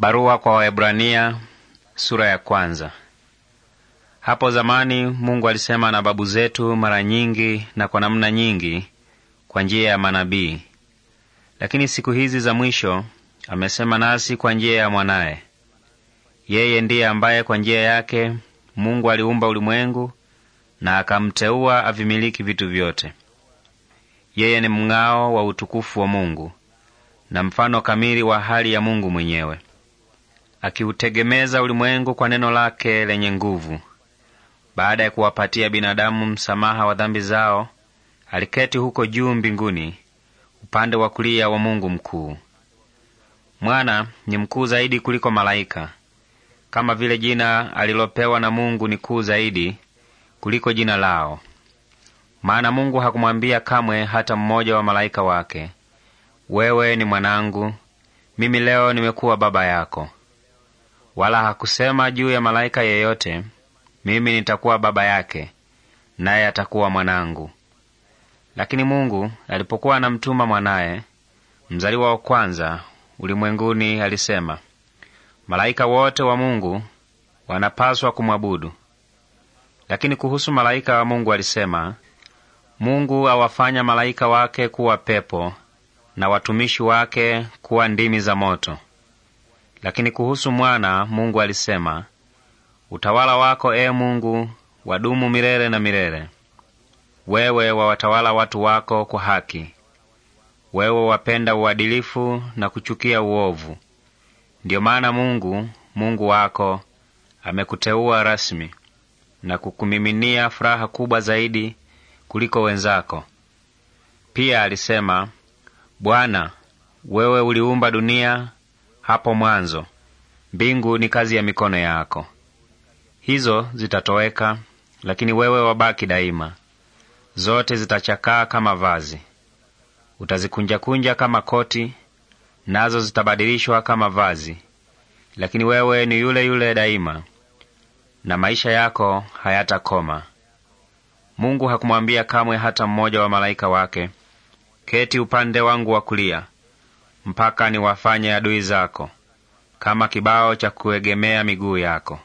Barua kwa Waebrania sura ya kwanza. Hapo zamani Mungu alisema na babu zetu mara nyingi na kwa namna nyingi kwa njia ya manabii, lakini siku hizi za mwisho amesema nasi kwa njia ya mwanaye. Yeye ndiye ambaye kwa njia yake Mungu aliumba ulimwengu na akamteua avimiliki vitu vyote. Yeye ni mng'ao wa utukufu wa Mungu na mfano kamili wa hali ya Mungu mwenyewe akiutegemeza ulimwengu kwa neno lake lenye nguvu. Baada ya kuwapatia binadamu msamaha wa dhambi zao, aliketi huko juu mbinguni, upande wa kulia wa Mungu mkuu. Mwana ni mkuu zaidi kuliko malaika, kama vile jina alilopewa na Mungu ni kuu zaidi kuliko jina lao. Maana Mungu hakumwambia kamwe hata mmoja wa malaika wake, wewe ni mwanangu, mimi leo nimekuwa baba yako wala hakusema juu ya malaika yeyote, mimi nitakuwa baba yake naye atakuwa mwanangu. Lakini Mungu alipokuwa anamtuma mwanaye mzaliwa wa kwanza ulimwenguni, alisema, malaika wote wa Mungu wanapaswa kumwabudu. Lakini kuhusu malaika wa Mungu alisema, Mungu awafanya malaika wake kuwa pepo na watumishi wake kuwa ndimi za moto. Lakini kuhusu mwana Mungu alisema, utawala wako, ee Mungu, wadumu milele na milele. Wewe wawatawala watu wako kwa haki, wewe wapenda uadilifu na kuchukia uovu. Ndiyo maana Mungu Mungu wako amekuteua rasmi na kukumiminia furaha kubwa zaidi kuliko wenzako. Pia alisema, Bwana, wewe uliumba dunia hapo mwanzo, mbingu ni kazi ya mikono yako. Hizo zitatoweka, lakini wewe wabaki daima. Zote zitachakaa kama vazi, utazikunjakunja kama koti, nazo zitabadilishwa kama vazi, lakini wewe ni yule yule daima, na maisha yako hayatakoma. Mungu hakumwambia kamwe hata mmoja wa malaika wake, keti upande wangu wa kulia mpaka niwafanye adui zako kama kibao cha kuegemea miguu yako.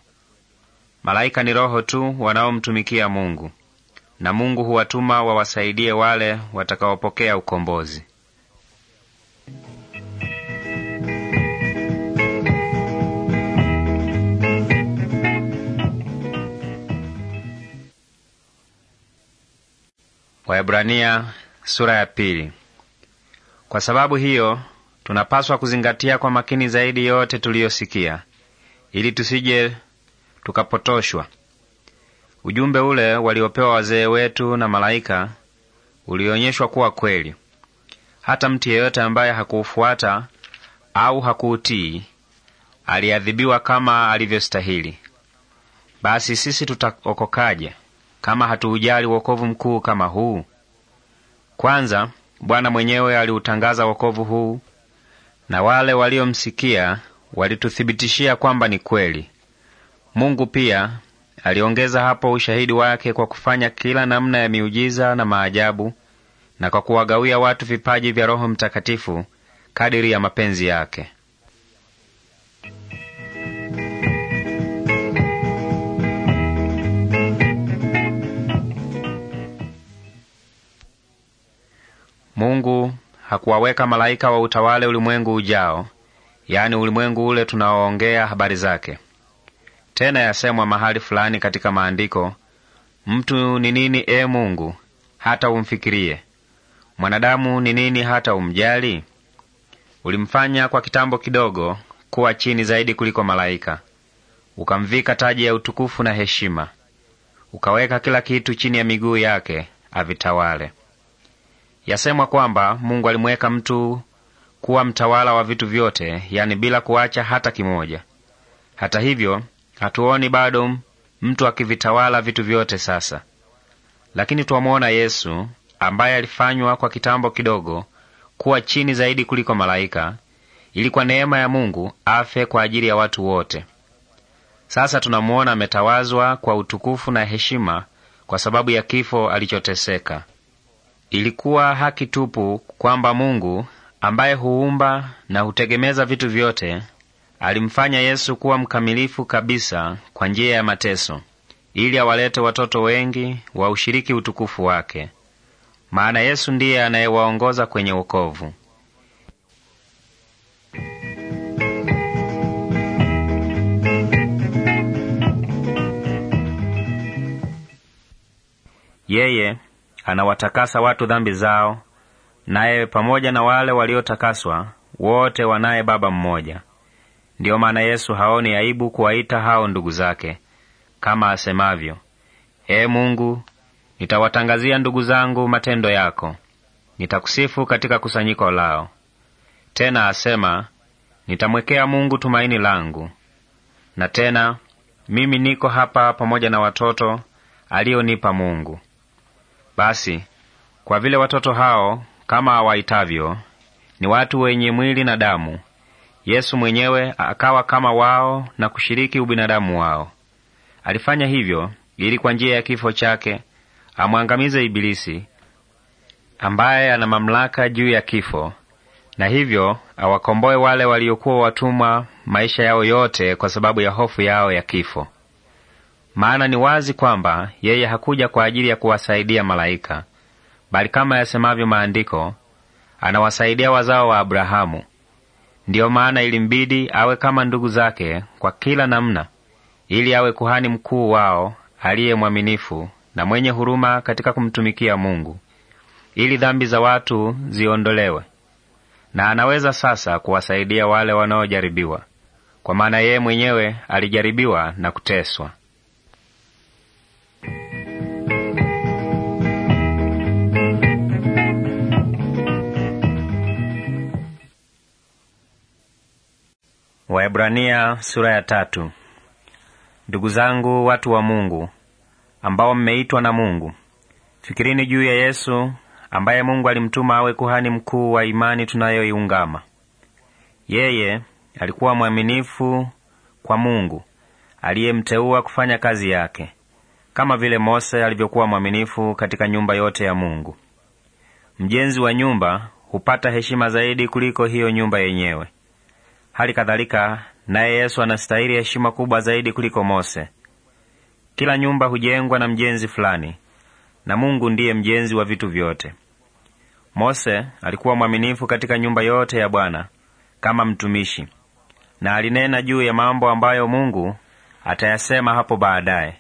Malaika ni roho tu wanaomtumikia Mungu, na Mungu huwatuma wawasaidie wale watakaopokea ukombozi. Waebrania sura ya pili. Kwa sababu hiyo tunapaswa kuzingatia kwa makini zaidi yote tuliyosikia, ili tusije tukapotoshwa. Ujumbe ule waliopewa wazee wetu na malaika ulionyeshwa kuwa kweli. Hata mtu yeyote ambaye hakuufuata au hakuutii aliadhibiwa kama alivyostahili. Basi sisi tutaokokaje kama hatuujali wokovu mkuu kama huu? Kwanza, Bwana mwenyewe aliutangaza wokovu huu na wale waliomsikia walituthibitishia kwamba ni kweli. Mungu pia aliongeza hapo ushahidi wake kwa kufanya kila namna ya miujiza na maajabu na kwa kuwagawia watu vipaji vya Roho Mtakatifu kadiri ya mapenzi yake. Mungu hakuwaweka malaika wa utawale ulimwengu ujao, yaani ulimwengu ule tunaoongea habari zake. Tena yasemwa mahali fulani katika maandiko, mtu ni nini, e Mungu, hata umfikirie? Mwanadamu ni nini, hata umjali? Ulimfanya kwa kitambo kidogo kuwa chini zaidi kuliko malaika, ukamvika taji ya utukufu na heshima, ukaweka kila kitu chini ya miguu yake avitawale. Yasemwa kwamba Mungu alimweka mtu kuwa mtawala wa vitu vyote, yani bila kuacha hata kimoja. Hata hivyo, hatuoni bado mtu akivitawala vitu vyote sasa, lakini twamwona Yesu ambaye alifanywa kwa kitambo kidogo kuwa chini zaidi kuliko malaika, ili kwa neema ya Mungu afe kwa ajili ya watu wote. Sasa tunamuona ametawazwa kwa utukufu na heshima kwa sababu ya kifo alichoteseka. Ilikuwa haki tupu kwamba Mungu ambaye huumba na hutegemeza vitu vyote alimfanya Yesu kuwa mkamilifu kabisa kwa njia ya mateso ili awalete watoto wengi wa ushiriki utukufu wake. Maana Yesu ndiye anayewaongoza kwenye wokovu. Yeye anawatakasa watu dhambi zao, naye pamoja na wale waliotakaswa wote wanaye Baba mmoja. Ndiyo maana Yesu haoni aibu kuwaita hao ndugu zake, kama asemavyo, Ee Mungu, nitawatangazia ndugu zangu matendo yako, nitakusifu katika kusanyiko lao. Tena asema, nitamwekea Mungu tumaini langu. Na tena mimi niko hapa pamoja na watoto aliyonipa Mungu. Basi kwa vile watoto hao kama hawahitavyo ni watu wenye mwili na damu, Yesu mwenyewe akawa kama wao na kushiriki ubinadamu wao. Alifanya hivyo ili kwa njia ya kifo chake amwangamize Ibilisi ambaye ana mamlaka juu ya kifo, na hivyo awakomboe wale waliokuwa watumwa maisha yao yote kwa sababu ya hofu yao ya kifo. Maana ni wazi kwamba yeye hakuja kwa ajili ya kuwasaidia malaika, bali kama yasemavyo Maandiko, anawasaidia wazao wa Abrahamu. Ndiyo maana ilimbidi awe kama ndugu zake kwa kila namna, ili awe kuhani mkuu wao aliye mwaminifu na mwenye huruma katika kumtumikia Mungu, ili dhambi za watu ziondolewe. Na anaweza sasa kuwasaidia wale wanaojaribiwa, kwa maana yeye mwenyewe alijaribiwa na kuteswa. Waebrania sura ya tatu. Ndugu zangu watu wa Mungu ambao mmeitwa na Mungu, fikirini juu ya Yesu ambaye Mungu alimtuma awe kuhani mkuu wa imani tunayoiungama. Yeye alikuwa mwaminifu kwa Mungu aliyemteua kufanya kazi yake, kama vile Mose alivyokuwa mwaminifu katika nyumba yote ya Mungu. Mjenzi wa nyumba hupata heshima zaidi kuliko hiyo nyumba yenyewe. Hali kadhalika naye Yesu anastahili heshima kubwa zaidi kuliko Mose. Kila nyumba hujengwa na mjenzi fulani, na Mungu ndiye mjenzi wa vitu vyote. Mose alikuwa mwaminifu katika nyumba yote ya Bwana kama mtumishi, na alinena juu ya mambo ambayo Mungu atayasema hapo baadaye.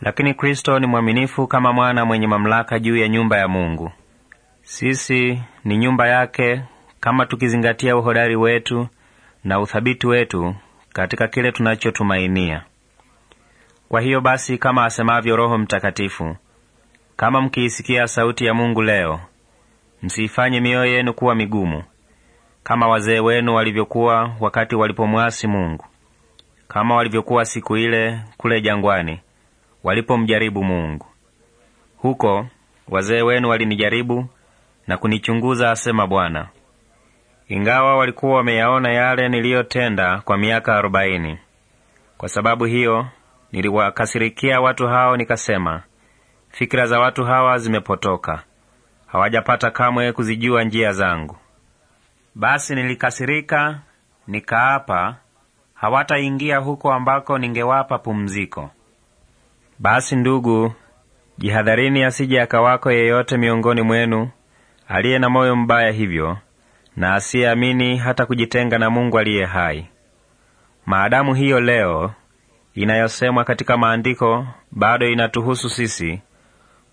Lakini Kristo ni mwaminifu kama mwana mwenye mamlaka juu ya nyumba ya Mungu. Sisi ni nyumba yake, kama tukizingatia uhodari wetu na uthabiti wetu katika kile tunachotumainia. Kwa hiyo basi, kama asemavyo Roho Mtakatifu, kama mkiisikia sauti ya Mungu leo, msiifanye mioyo yenu kuwa migumu, kama wazee wenu walivyokuwa wakati walipomwasi Mungu, kama walivyokuwa siku ile kule jangwani walipomjaribu Mungu. Huko wazee wenu walinijaribu na kunichunguza, asema Bwana ingawa walikuwa wameyaona yale niliyotenda kwa miaka arobaini. Kwa sababu hiyo niliwakasirikia watu hao, nikasema, fikira za watu hawa zimepotoka, hawajapata kamwe kuzijua njia zangu. Basi nilikasirika, nikaapa hawataingia huko ambako ningewapa pumziko. Basi ndugu, jihadharini, asije akawako yeyote miongoni mwenu aliye na moyo mbaya hivyo na asiyeamini hata kujitenga na Mungu aliye hai. Maadamu hiyo leo inayosemwa katika maandiko bado inatuhusu sisi,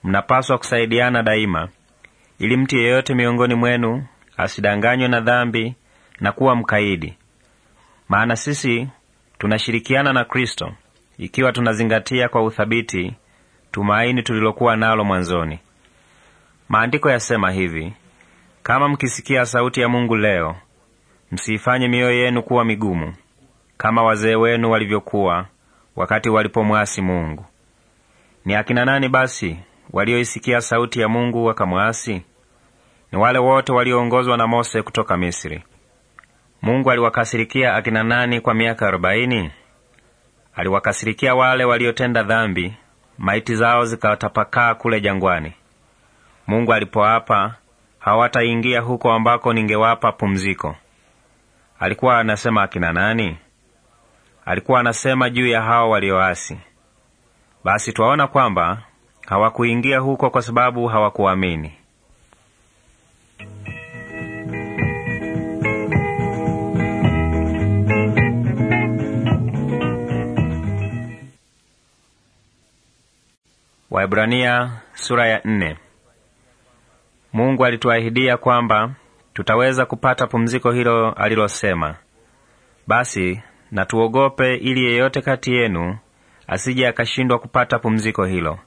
mnapaswa kusaidiana daima, ili mtu yeyote miongoni mwenu asidanganywe na dhambi na kuwa mkaidi. Maana sisi tunashirikiana na Kristo ikiwa tunazingatia kwa uthabiti tumaini tulilokuwa nalo mwanzoni. Maandiko yasema hivi: kama mkisikia sauti ya Mungu leo, msiifanye mioyo yenu kuwa migumu kama wazee wenu walivyokuwa wakati walipomwasi Mungu. Ni akina nani basi walioisikia sauti ya Mungu wakamwasi? Ni wale wote walioongozwa na Mose kutoka Misri. Mungu aliwakasirikia akina nani kwa miaka arobaini? Aliwakasirikia wale waliotenda dhambi, maiti zao zikatapakaa kule jangwani. Mungu alipoapa hawataingia huko ambako ningewapa pumziko. Alikuwa anasema akina nani? Alikuwa anasema juu ya hao walioasi. Basi twaona kwamba hawakuingia huko kwa sababu hawakuamini. Waibrania sura ya nne. Mungu alituahidia kwamba tutaweza kupata pumziko hilo alilosema. Basi natuogope ili yeyote kati yenu asije akashindwa kupata pumziko hilo.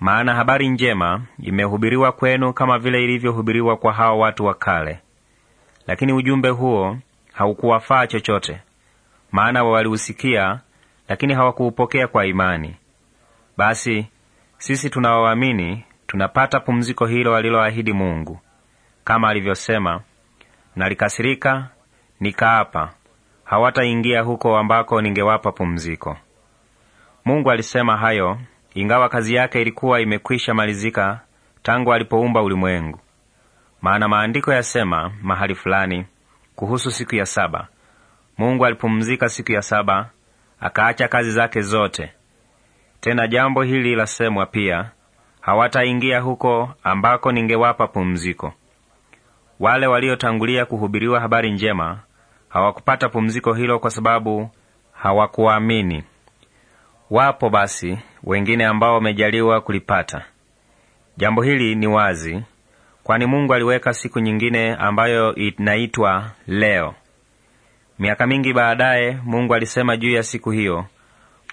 Maana habari njema imehubiriwa kwenu kama vile ilivyohubiriwa kwa hawa watu wa kale, lakini ujumbe huo haukuwafaa chochote, maana waliusikia lakini hawakuupokea kwa imani. Basi sisi tunawaamini tunapata pumziko hilo aliloahidi Mungu kama alivyosema, nalikasirika nikaapa, hawataingia huko ambako ningewapa pumziko. Mungu alisema hayo ingawa kazi yake ilikuwa imekwisha malizika tangu alipoumba ulimwengu, maana maandiko yasema mahali fulani kuhusu siku ya saba, Mungu alipumzika siku ya saba, akaacha kazi zake zote. Tena jambo hili lasemwa pia hawataingia huko ambako ningewapa pumziko. Wale waliotangulia kuhubiriwa habari njema hawakupata pumziko hilo kwa sababu hawakuamini. Wapo basi wengine ambao wamejaliwa kulipata. Jambo hili ni wazi, kwani Mungu aliweka siku nyingine ambayo inaitwa leo. Miaka mingi baadaye, Mungu alisema juu ya siku hiyo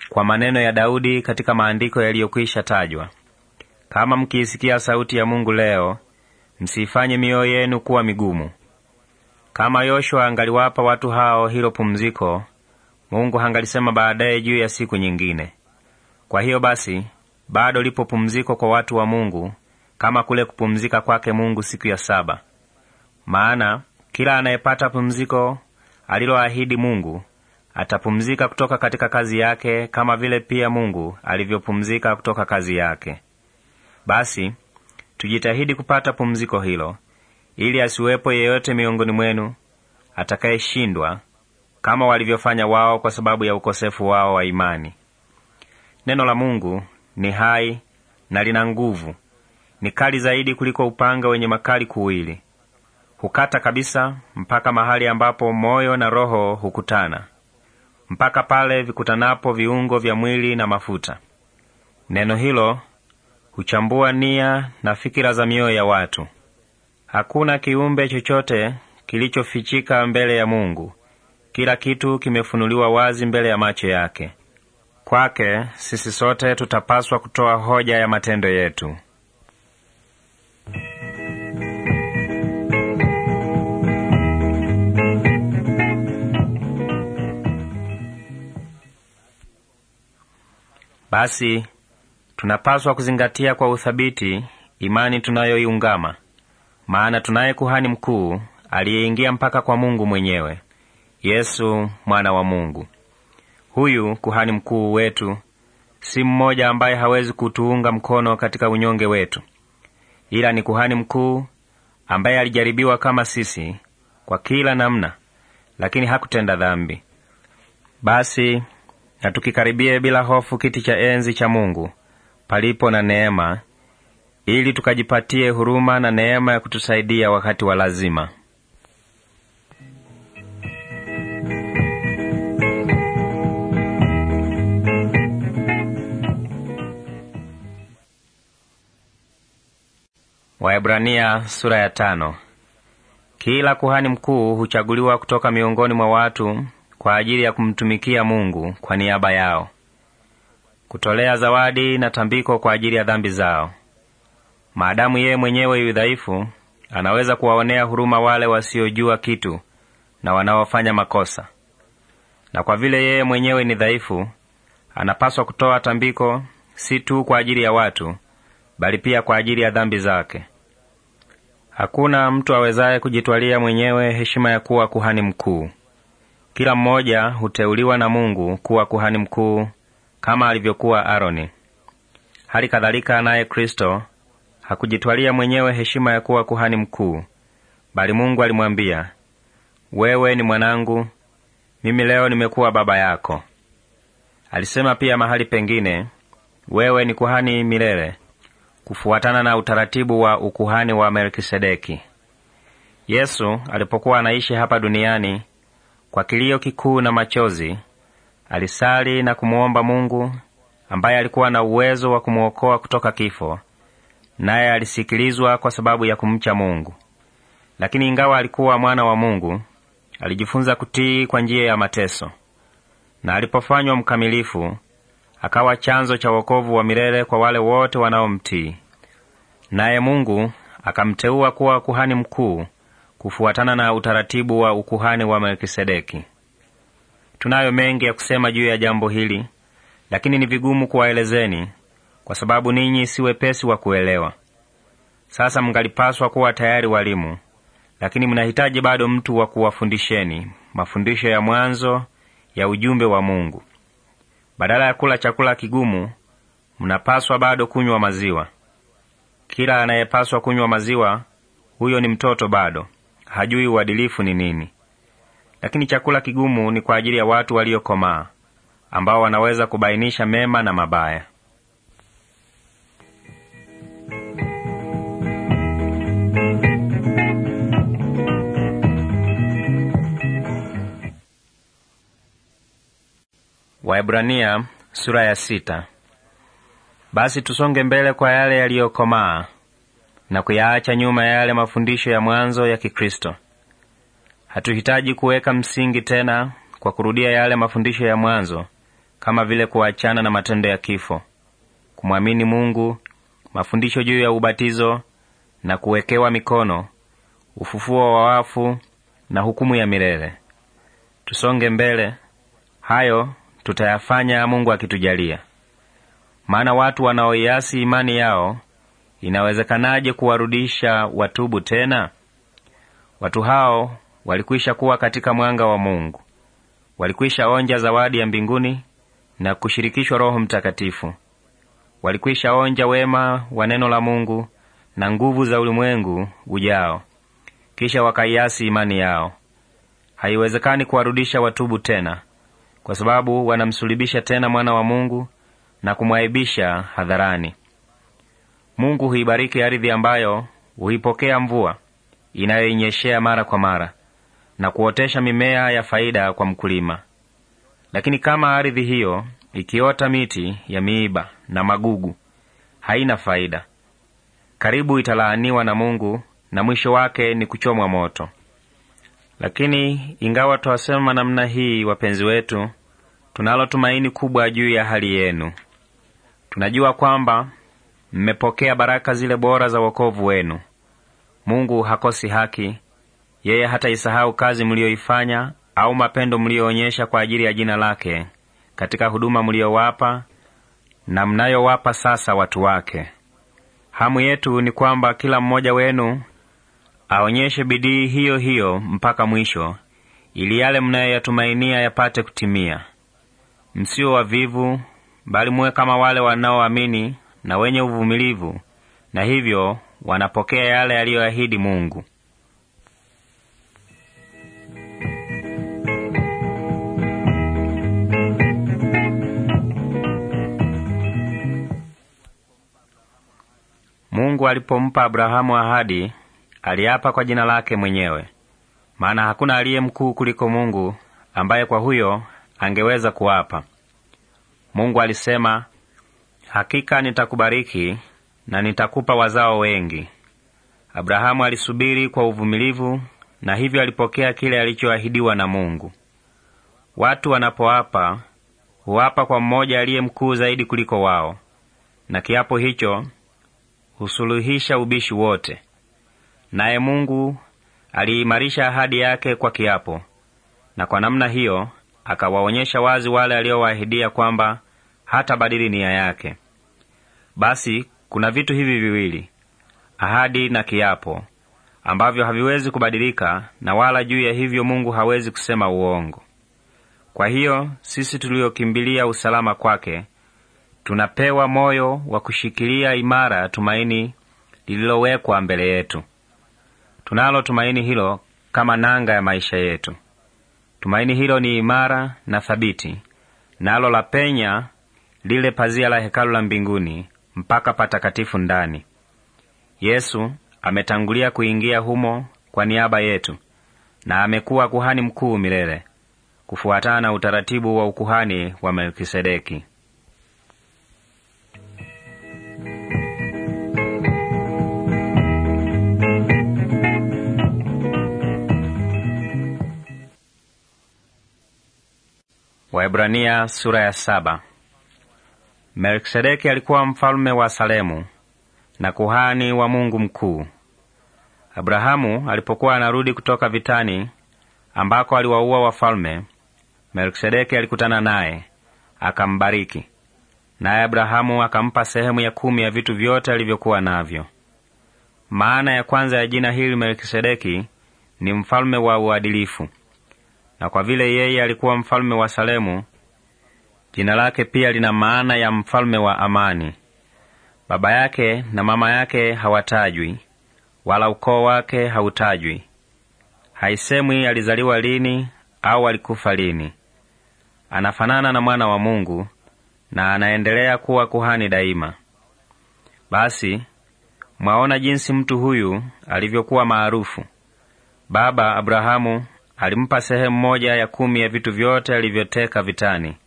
kwa maneno ya Daudi katika maandiko yaliyokwisha tajwa. Kama mkiisikia sauti ya Mungu leo, msiifanye mioyo yenu kuwa migumu. Kama Yoshua angaliwapa watu hao hilo pumziko, Mungu hangalisema baadaye juu ya siku nyingine. Kwa hiyo basi, bado lipo pumziko kwa watu wa Mungu kama kule kupumzika kwake Mungu siku ya saba. Maana kila anayepata pumziko aliloahidi Mungu atapumzika kutoka katika kazi yake kama vile pia Mungu alivyopumzika kutoka kazi yake. Basi tujitahidi kupata pumziko hilo, ili asiwepo yeyote miongoni mwenu atakayeshindwa kama walivyofanya wao kwa sababu ya ukosefu wao wa imani. Neno la Mungu ni hai na lina nguvu, ni kali zaidi kuliko upanga wenye makali kuwili, hukata kabisa mpaka mahali ambapo moyo na roho hukutana, mpaka pale vikutanapo viungo vya mwili na mafuta. Neno hilo huchambua nia na fikira za mioyo ya watu. Hakuna kiumbe chochote kilichofichika mbele ya Mungu. Kila kitu kimefunuliwa wazi mbele ya macho yake. Kwake sisi sote tutapaswa kutoa hoja ya matendo yetu. Basi Tunapaswa kuzingatia kwa uthabiti imani tunayoiungama, maana tunaye kuhani mkuu aliyeingia mpaka kwa Mungu mwenyewe, Yesu mwana wa Mungu. Huyu kuhani mkuu wetu si mmoja ambaye hawezi kutuunga mkono katika unyonge wetu, ila ni kuhani mkuu ambaye alijaribiwa kama sisi kwa kila namna, lakini hakutenda dhambi. Basi na tukikaribie bila hofu kiti cha enzi cha Mungu palipo na neema, ili tukajipatie huruma na neema ya kutusaidia wakati wa lazima. Waebrania sura ya tano. Kila kuhani mkuu huchaguliwa kutoka miongoni mwa watu kwa ajili ya kumtumikia Mungu kwa niaba yao kutolea zawadi na tambiko kwa ajili ya dhambi zao. Maadamu yeye mwenyewe yu dhaifu, anaweza kuwaonea huruma wale wasiojua kitu na wanaofanya makosa. Na kwa vile yeye mwenyewe ni dhaifu, anapaswa kutoa tambiko si tu kwa ajili ya watu, bali pia kwa ajili ya dhambi zake. Hakuna mtu awezaye kujitwalia mwenyewe heshima ya kuwa kuhani mkuu. Kila mmoja huteuliwa na Mungu kuwa kuhani mkuu kama alivyokuwa Aroni. Hali kadhalika naye Kristo hakujitwalia mwenyewe heshima ya kuwa kuhani mkuu, bali Mungu alimwambia, wewe ni mwanangu, mimi leo nimekuwa baba yako. Alisema pia mahali pengine, wewe ni kuhani milele, kufuatana na utaratibu wa ukuhani wa Melkisedeki. Yesu alipokuwa anaishi hapa duniani kwa kilio kikuu na machozi alisali na kumwomba Mungu ambaye alikuwa na uwezo wa kumwokoa kutoka kifo, naye alisikilizwa kwa sababu ya kumcha Mungu. Lakini ingawa alikuwa mwana wa Mungu, alijifunza kutii kwa njia ya mateso, na alipofanywa mkamilifu akawa chanzo cha wokovu wa milele kwa wale wote wanaomtii. Naye Mungu akamteua kuwa kuhani mkuu kufuatana na utaratibu wa ukuhani wa Melkisedeki. Tunayo mengi ya kusema juu ya jambo hili, lakini ni vigumu kuwaelezeni kwa sababu ninyi si wepesi wa kuelewa. Sasa mngalipaswa kuwa tayari walimu, lakini mnahitaji bado mtu wa kuwafundisheni mafundisho ya mwanzo ya ujumbe wa Mungu. Badala ya kula chakula kigumu, mnapaswa bado kunywa maziwa. Kila anayepaswa kunywa maziwa, huyo ni mtoto bado, hajui uadilifu ni nini. Lakini chakula kigumu ni kwa ajili ya watu waliokomaa ambao wanaweza kubainisha mema na mabaya. Waebrania sura ya sita. Basi tusonge mbele kwa yale yaliyokomaa na kuyaacha nyuma yale mafundisho ya mwanzo ya Kikristo. Hatuhitaji kuweka msingi tena kwa kurudia yale mafundisho ya mwanzo, kama vile kuachana na matendo ya kifo, kumwamini Mungu, mafundisho juu ya ubatizo na kuwekewa mikono, ufufuo wa wafu na hukumu ya milele. Tusonge mbele, hayo tutayafanya Mungu akitujalia. Maana watu wanaoiasi imani yao, inawezekanaje kuwarudisha watubu tena? Watu hao walikwisha kuwa katika mwanga wa Mungu, walikwisha onja zawadi ya mbinguni na kushirikishwa Roho Mtakatifu, walikwisha onja wema wa neno la Mungu na nguvu za ulimwengu ujao, kisha wakaiasi imani yao. Haiwezekani kuwarudisha watubu tena, kwa sababu wanamsulubisha tena mwana wa Mungu na kumwaibisha hadharani. Mungu huibariki ardhi ambayo huipokea mvua inayoinyeshea mara kwa mara, na kuotesha mimea ya faida kwa mkulima. Lakini kama ardhi hiyo ikiota miti ya miiba na magugu, haina faida, karibu italaaniwa na Mungu na mwisho wake ni kuchomwa moto. Lakini ingawa twasema namna hii, wapenzi wetu, tunalo tumaini kubwa juu ya hali yenu. Tunajua kwamba mmepokea baraka zile bora za wokovu wenu. Mungu hakosi haki yeye hataisahau kazi mliyoifanya au mapendo mliyoonyesha kwa ajili ya jina lake katika huduma mliyowapa na mnayowapa sasa watu wake. Hamu yetu ni kwamba kila mmoja wenu aonyeshe bidii hiyo hiyo mpaka mwisho, ili yale mnayoyatumainia yapate kutimia. Msiwe wavivu, bali muwe kama wale wanaoamini na wenye uvumilivu, na hivyo wanapokea yale yaliyoahidi Mungu. Mungu alipompa Abrahamu ahadi, aliapa kwa jina lake mwenyewe, maana hakuna aliye mkuu kuliko Mungu ambaye kwa huyo angeweza kuapa. Mungu alisema, hakika nitakubariki na nitakupa wazao wengi. Abrahamu alisubiri kwa uvumilivu, na hivyo alipokea kile alichoahidiwa na Mungu. Watu wanapoapa huapa kwa mmoja aliye mkuu zaidi kuliko wao, na kiapo hicho husuluhisha ubishi wote. Naye Mungu aliimarisha ahadi yake kwa kiapo, na kwa namna hiyo akawaonyesha wazi wale aliowaahidia kwamba hata badili nia yake. Basi kuna vitu hivi viwili, ahadi na kiapo, ambavyo haviwezi kubadilika, na wala juu ya hivyo Mungu hawezi kusema uongo. Kwa hiyo sisi tuliyokimbilia usalama kwake tunapewa moyo wa kushikilia imara tumaini lililowekwa mbele yetu. Tunalo tumaini hilo kama nanga ya maisha yetu. Tumaini hilo ni imara na thabiti, nalo la penya lile pazia la hekalu la mbinguni mpaka patakatifu ndani. Yesu ametangulia kuingia humo kwa niaba yetu, na amekuwa kuhani mkuu milele kufuatana na utaratibu wa ukuhani wa Melkisedeki. Waebrania sura ya saba. Melkisedeki alikuwa mfalme wa Salemu na kuhani wa Mungu mkuu. Abrahamu alipokuwa anarudi kutoka vitani ambako aliwaua wafalme, Melkisedeki alikutana naye akambariki, naye Abrahamu akampa sehemu ya kumi ya vitu vyote alivyokuwa navyo. Maana ya kwanza ya jina hili Melkisedeki ni mfalme wa uadilifu na kwa vile yeye alikuwa mfalme wa Salemu, jina lake pia lina maana ya mfalme wa amani. Baba yake na mama yake hawatajwi wala ukoo wake hautajwi. Haisemwi alizaliwa lini au alikufa lini. Anafanana na mwana wa Mungu na anaendelea kuwa kuhani daima. Basi mwaona jinsi mtu huyu alivyokuwa maarufu. Baba Abrahamu alimpa sehemu moja ya kumi ya vitu vyote alivyoteka vitani.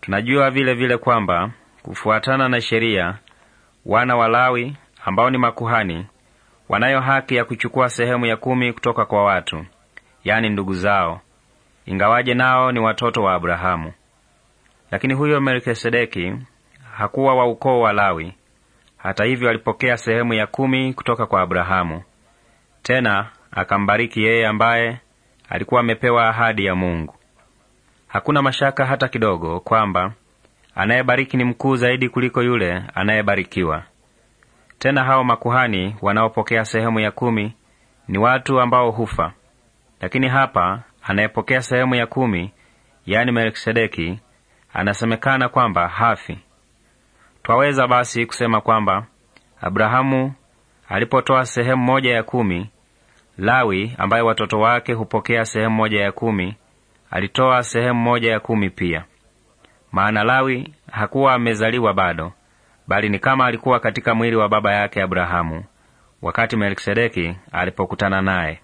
Tunajua vile vile kwamba kufuatana na sheria, wana wa Lawi ambao ni makuhani wanayo haki ya kuchukua sehemu ya kumi kutoka kwa watu, yaani ndugu zao, ingawaje nao ni watoto wa Abrahamu. Lakini huyo Melkisedeki hakuwa wa ukoo wa Lawi. Hata hivyo, alipokea sehemu ya kumi kutoka kwa Abrahamu, tena akambariki yeye ambaye alikuwa amepewa ahadi ya Mungu. Hakuna mashaka hata kidogo kwamba anayebariki ni mkuu zaidi kuliko yule anayebarikiwa. Tena hao makuhani wanaopokea sehemu ya kumi ni watu ambao hufa, lakini hapa anayepokea sehemu ya kumi, yaani Melkisedeki, anasemekana kwamba hafi. Twaweza basi kusema kwamba Abrahamu alipotoa sehemu moja ya kumi Lawi ambaye watoto wake hupokea sehemu moja ya kumi alitoa sehemu moja ya kumi pia, maana Lawi hakuwa amezaliwa bado, bali ni kama alikuwa katika mwili wa baba yake Abrahamu wakati Melkisedeki alipokutana naye.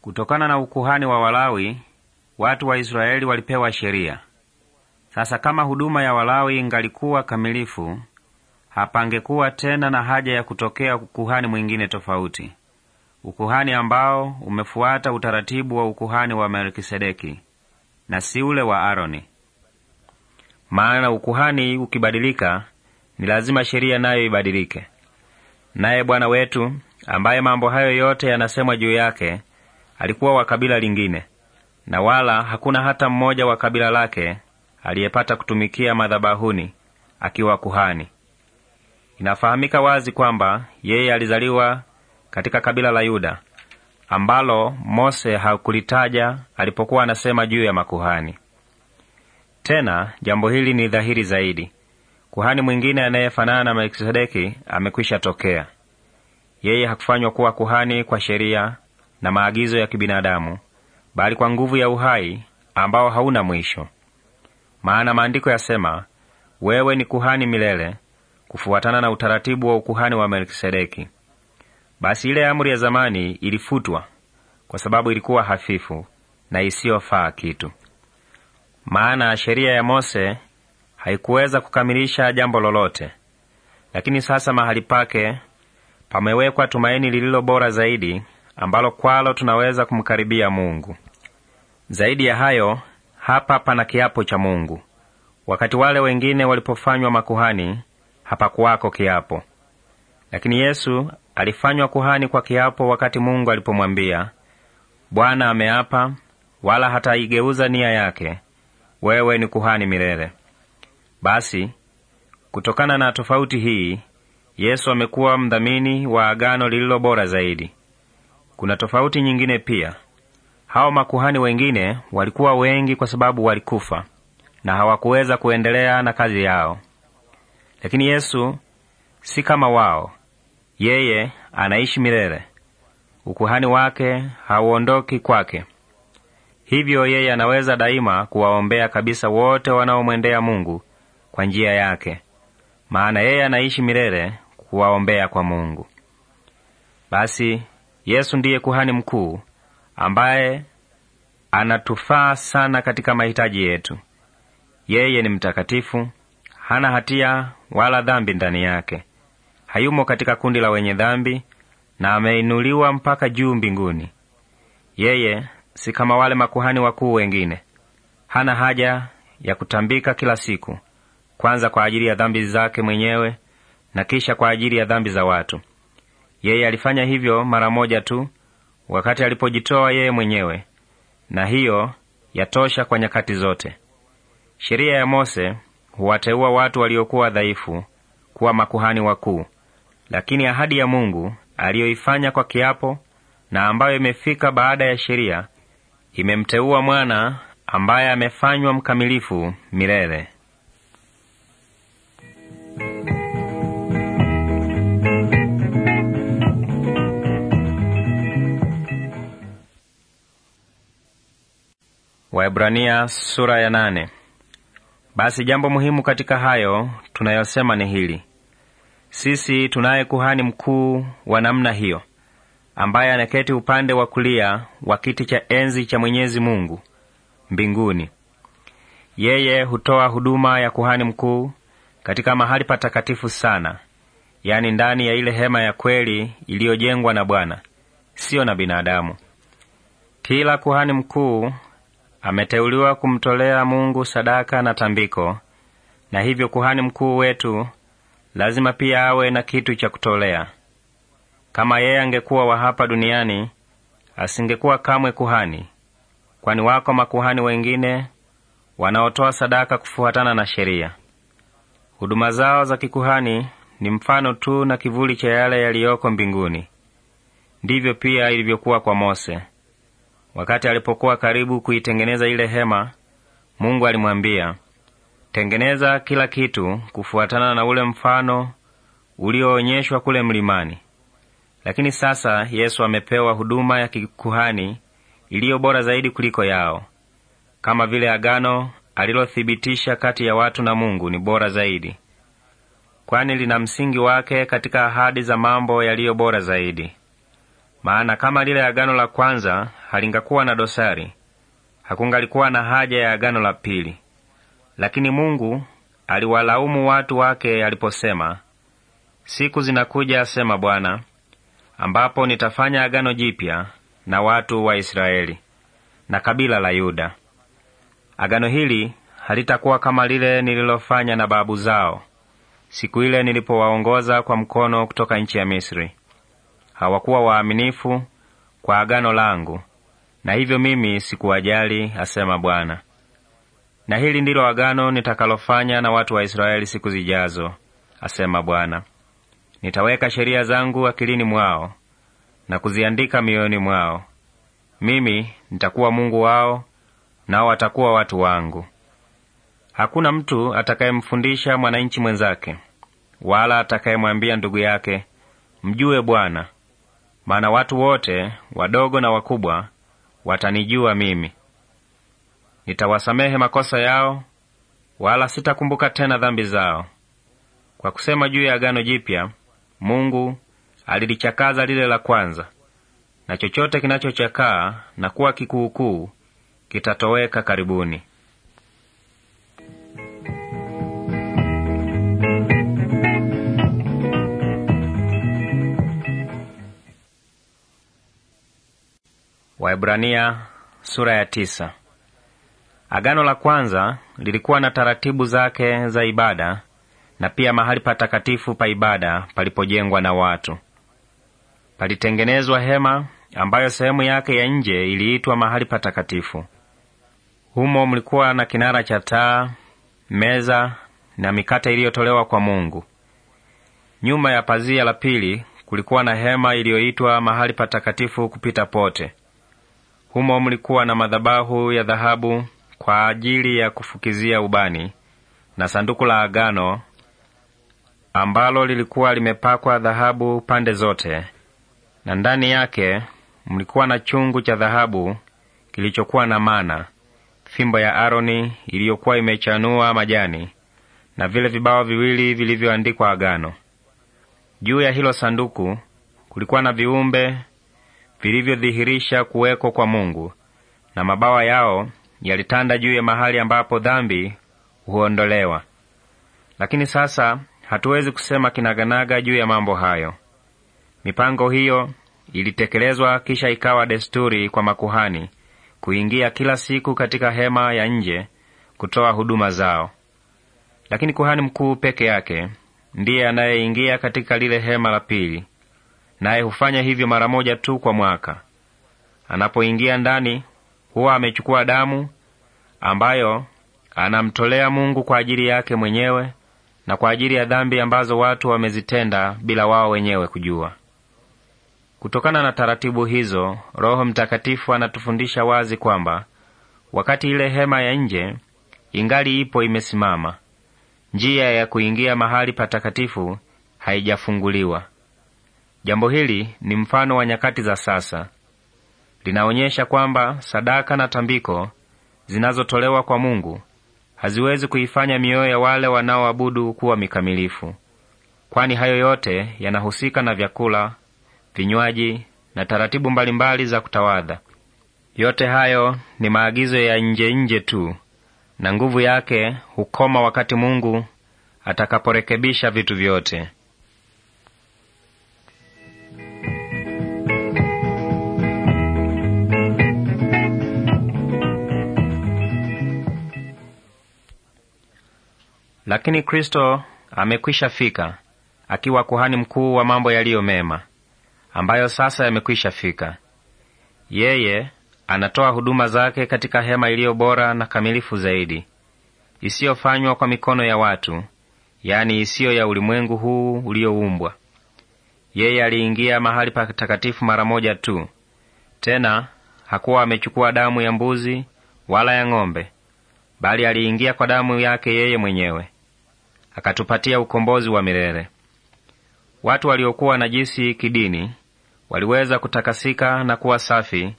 Kutokana na ukuhani wa Walawi, watu wa Israeli walipewa sheria. Sasa kama huduma ya Walawi ingalikuwa kamilifu, hapangekuwa tena na haja ya kutokea kuhani mwingine tofauti ukuhani ambao umefuata utaratibu wa ukuhani wa Melkisedeki na si ule wa Aroni. Maana ukuhani ukibadilika, ni lazima sheria nayo ibadilike. Naye Bwana wetu ambaye mambo hayo yote yanasemwa juu yake alikuwa wa kabila lingine, na wala hakuna hata mmoja wa kabila lake aliyepata kutumikia madhabahuni akiwa kuhani. Inafahamika wazi kwamba yeye alizaliwa katika kabila la Yuda ambalo Mose hakulitaja alipokuwa anasema juu ya makuhani. Tena jambo hili ni dhahiri zaidi. Kuhani mwingine anayefanana na Melkisedeki amekwisha tokea. Yeye hakufanywa kuwa kuhani kwa sheria na maagizo ya kibinadamu, bali kwa nguvu ya uhai ambao hauna mwisho. Maana maandiko yasema, wewe ni kuhani milele, kufuatana na utaratibu wa ukuhani wa Melkisedeki. Basi ile amri ya zamani ilifutwa kwa sababu ilikuwa hafifu na isiyofaa kitu. Maana sheria ya Mose haikuweza kukamilisha jambo lolote, lakini sasa mahali pake pamewekwa tumaini lililo bora zaidi, ambalo kwalo tunaweza kumkaribia Mungu. Zaidi ya hayo, hapa pana kiapo cha Mungu. Wakati wale wengine walipofanywa makuhani, hapakuwako kiapo, lakini Yesu Alifanywa kuhani kwa kiapo wakati Mungu alipomwambia, Bwana ameapa wala hataigeuza nia yake, wewe ni kuhani milele. Basi kutokana na tofauti hii, Yesu amekuwa mdhamini wa agano lililo bora zaidi. Kuna tofauti nyingine pia. Hao makuhani wengine walikuwa wengi kwa sababu walikufa na hawakuweza kuendelea na kazi yao, lakini Yesu si kama wao. Yeye anaishi milele, ukuhani wake hauondoki kwake. Hivyo yeye anaweza daima kuwaombea kabisa wote wanaomwendea Mungu kwa njia yake, maana yeye anaishi milele kuwaombea kwa Mungu. Basi Yesu ndiye kuhani mkuu ambaye anatufaa sana katika mahitaji yetu. Yeye ni mtakatifu, hana hatia wala dhambi ndani yake hayumo katika kundi la wenye dhambi na ameinuliwa mpaka juu mbinguni. Yeye si kama wale makuhani wakuu wengine, hana haja ya kutambika kila siku, kwanza kwa ajili ya dhambi zake mwenyewe na kisha kwa ajili ya dhambi za watu. Yeye alifanya hivyo mara moja tu wakati alipojitoa yeye mwenyewe, na hiyo yatosha kwa nyakati zote. Sheria ya Mose huwateua watu waliokuwa dhaifu kuwa makuhani wakuu, lakini ahadi ya Mungu aliyoifanya kwa kiapo na ambayo imefika baada ya sheria imemteua mwana ambaye amefanywa mkamilifu milele. Waebrania sura ya nane. Basi jambo muhimu katika hayo tunayosema ni hili: sisi tunaye kuhani mkuu wa namna hiyo, ambaye anaketi upande wa kulia wa kiti cha enzi cha Mwenyezi Mungu mbinguni. Yeye hutoa huduma ya kuhani mkuu katika mahali patakatifu sana, yaani ndani ya ile hema ya kweli iliyojengwa na Bwana, siyo na binadamu. Kila kuhani mkuu ameteuliwa kumtolea Mungu sadaka na tambiko, na hivyo kuhani mkuu wetu lazima pia awe na kitu cha kutolea. Kama yeye angekuwa wa hapa duniani, asingekuwa kamwe kuhani, kwani wako makuhani wengine wanaotoa sadaka kufuatana na sheria. Huduma zao za kikuhani ni mfano tu na kivuli cha yale yaliyoko mbinguni. Ndivyo pia ilivyokuwa kwa Mose. Wakati alipokuwa karibu kuitengeneza ile hema, Mungu alimwambia, Tengeneza kila kitu kufuatana na ule mfano ulioonyeshwa kule mlimani. Lakini sasa Yesu amepewa huduma ya kikuhani iliyo bora zaidi kuliko yao, kama vile agano alilothibitisha kati ya watu na Mungu ni bora zaidi, kwani lina msingi wake katika ahadi za mambo yaliyo bora zaidi. Maana kama lile agano la kwanza halingakuwa na dosari, hakungalikuwa na haja ya agano la pili. Lakini Mungu aliwalaumu watu wake aliposema, siku zinakuja, asema Bwana, ambapo nitafanya agano jipya na watu wa Israeli na kabila la Yuda. Agano hili halitakuwa kama lile nililofanya na babu zao siku ile nilipowaongoza kwa mkono kutoka nchi ya Misri. Hawakuwa waaminifu kwa agano langu, na hivyo mimi sikuwajali, asema Bwana. Na hili ndilo agano nitakalofanya na watu wa Israeli siku zijazo, asema Bwana. Nitaweka sheria zangu akilini mwao na kuziandika mioyoni mwao. Mimi nitakuwa Mungu wao, nao watakuwa watu wangu. Hakuna mtu atakayemfundisha mwananchi mwenzake, wala atakayemwambia ndugu yake, mjue Bwana, maana watu wote wadogo na wakubwa watanijua mimi, Nitawasamehe makosa yao, wala sitakumbuka tena dhambi zao. Kwa kusema juu ya agano jipya, Mungu alilichakaza lile la kwanza, na chochote kinachochakaa na kuwa kikuukuu kitatoweka karibuni. Waebrania sura ya tisa. Agano la kwanza lilikuwa na taratibu zake za ibada na pia mahali patakatifu pa ibada palipojengwa na watu. Palitengenezwa hema ambayo sehemu yake ya nje iliitwa mahali patakatifu. Humo mlikuwa na kinara cha taa, meza na mikate iliyotolewa kwa Mungu. Nyuma ya pazia la pili kulikuwa na hema iliyoitwa mahali patakatifu kupita pote. Humo mlikuwa na madhabahu ya dhahabu kwa ajili ya kufukizia ubani na sanduku la agano ambalo lilikuwa limepakwa dhahabu pande zote, na ndani yake mlikuwa na chungu cha dhahabu kilichokuwa na mana, fimbo ya Aroni iliyokuwa imechanua majani, na vile vibao viwili vilivyoandikwa agano. Juu ya hilo sanduku kulikuwa na viumbe vilivyodhihirisha kuweko kwa Mungu, na mabawa yao yalitanda juu ya mahali ambapo dhambi huondolewa. Lakini sasa hatuwezi kusema kinaganaga juu ya mambo hayo. Mipango hiyo ilitekelezwa, kisha ikawa desturi kwa makuhani kuingia kila siku katika hema ya nje kutoa huduma zao. Lakini kuhani mkuu peke yake ndiye anayeingia katika lile hema la pili, naye hufanya hivyo mara moja tu kwa mwaka. Anapoingia ndani huwa amechukua damu ambayo anamtolea Mungu kwa ajili yake mwenyewe na kwa ajili ya dhambi ambazo watu wamezitenda bila wao wenyewe kujua. Kutokana na taratibu hizo, Roho Mtakatifu anatufundisha wazi kwamba wakati ile hema ya nje ingali ipo imesimama, njia ya kuingia mahali patakatifu haijafunguliwa. Jambo hili ni mfano wa nyakati za sasa linaonyesha kwamba sadaka na tambiko zinazotolewa kwa Mungu haziwezi kuifanya mioyo ya wale wanaoabudu kuwa mikamilifu, kwani hayo yote yanahusika na vyakula, vinywaji na taratibu mbalimbali za kutawadha. Yote hayo ni maagizo ya nje nje tu, na nguvu yake hukoma wakati Mungu atakaporekebisha vitu vyote. Lakini Kristo amekwisha fika akiwa kuhani mkuu wa mambo yaliyo mema ambayo sasa yamekwisha fika. Yeye anatoa huduma zake katika hema iliyo bora na kamilifu zaidi, isiyofanywa kwa mikono ya watu, yaani isiyo ya ulimwengu huu ulioumbwa. Yeye aliingia mahali patakatifu mara moja tu, tena hakuwa amechukua damu ya mbuzi wala ya ng'ombe, bali aliingia kwa damu yake yeye mwenyewe akatupatia ukombozi wa milele. Watu waliokuwa najisi kidini waliweza kutakasika na kuwa safi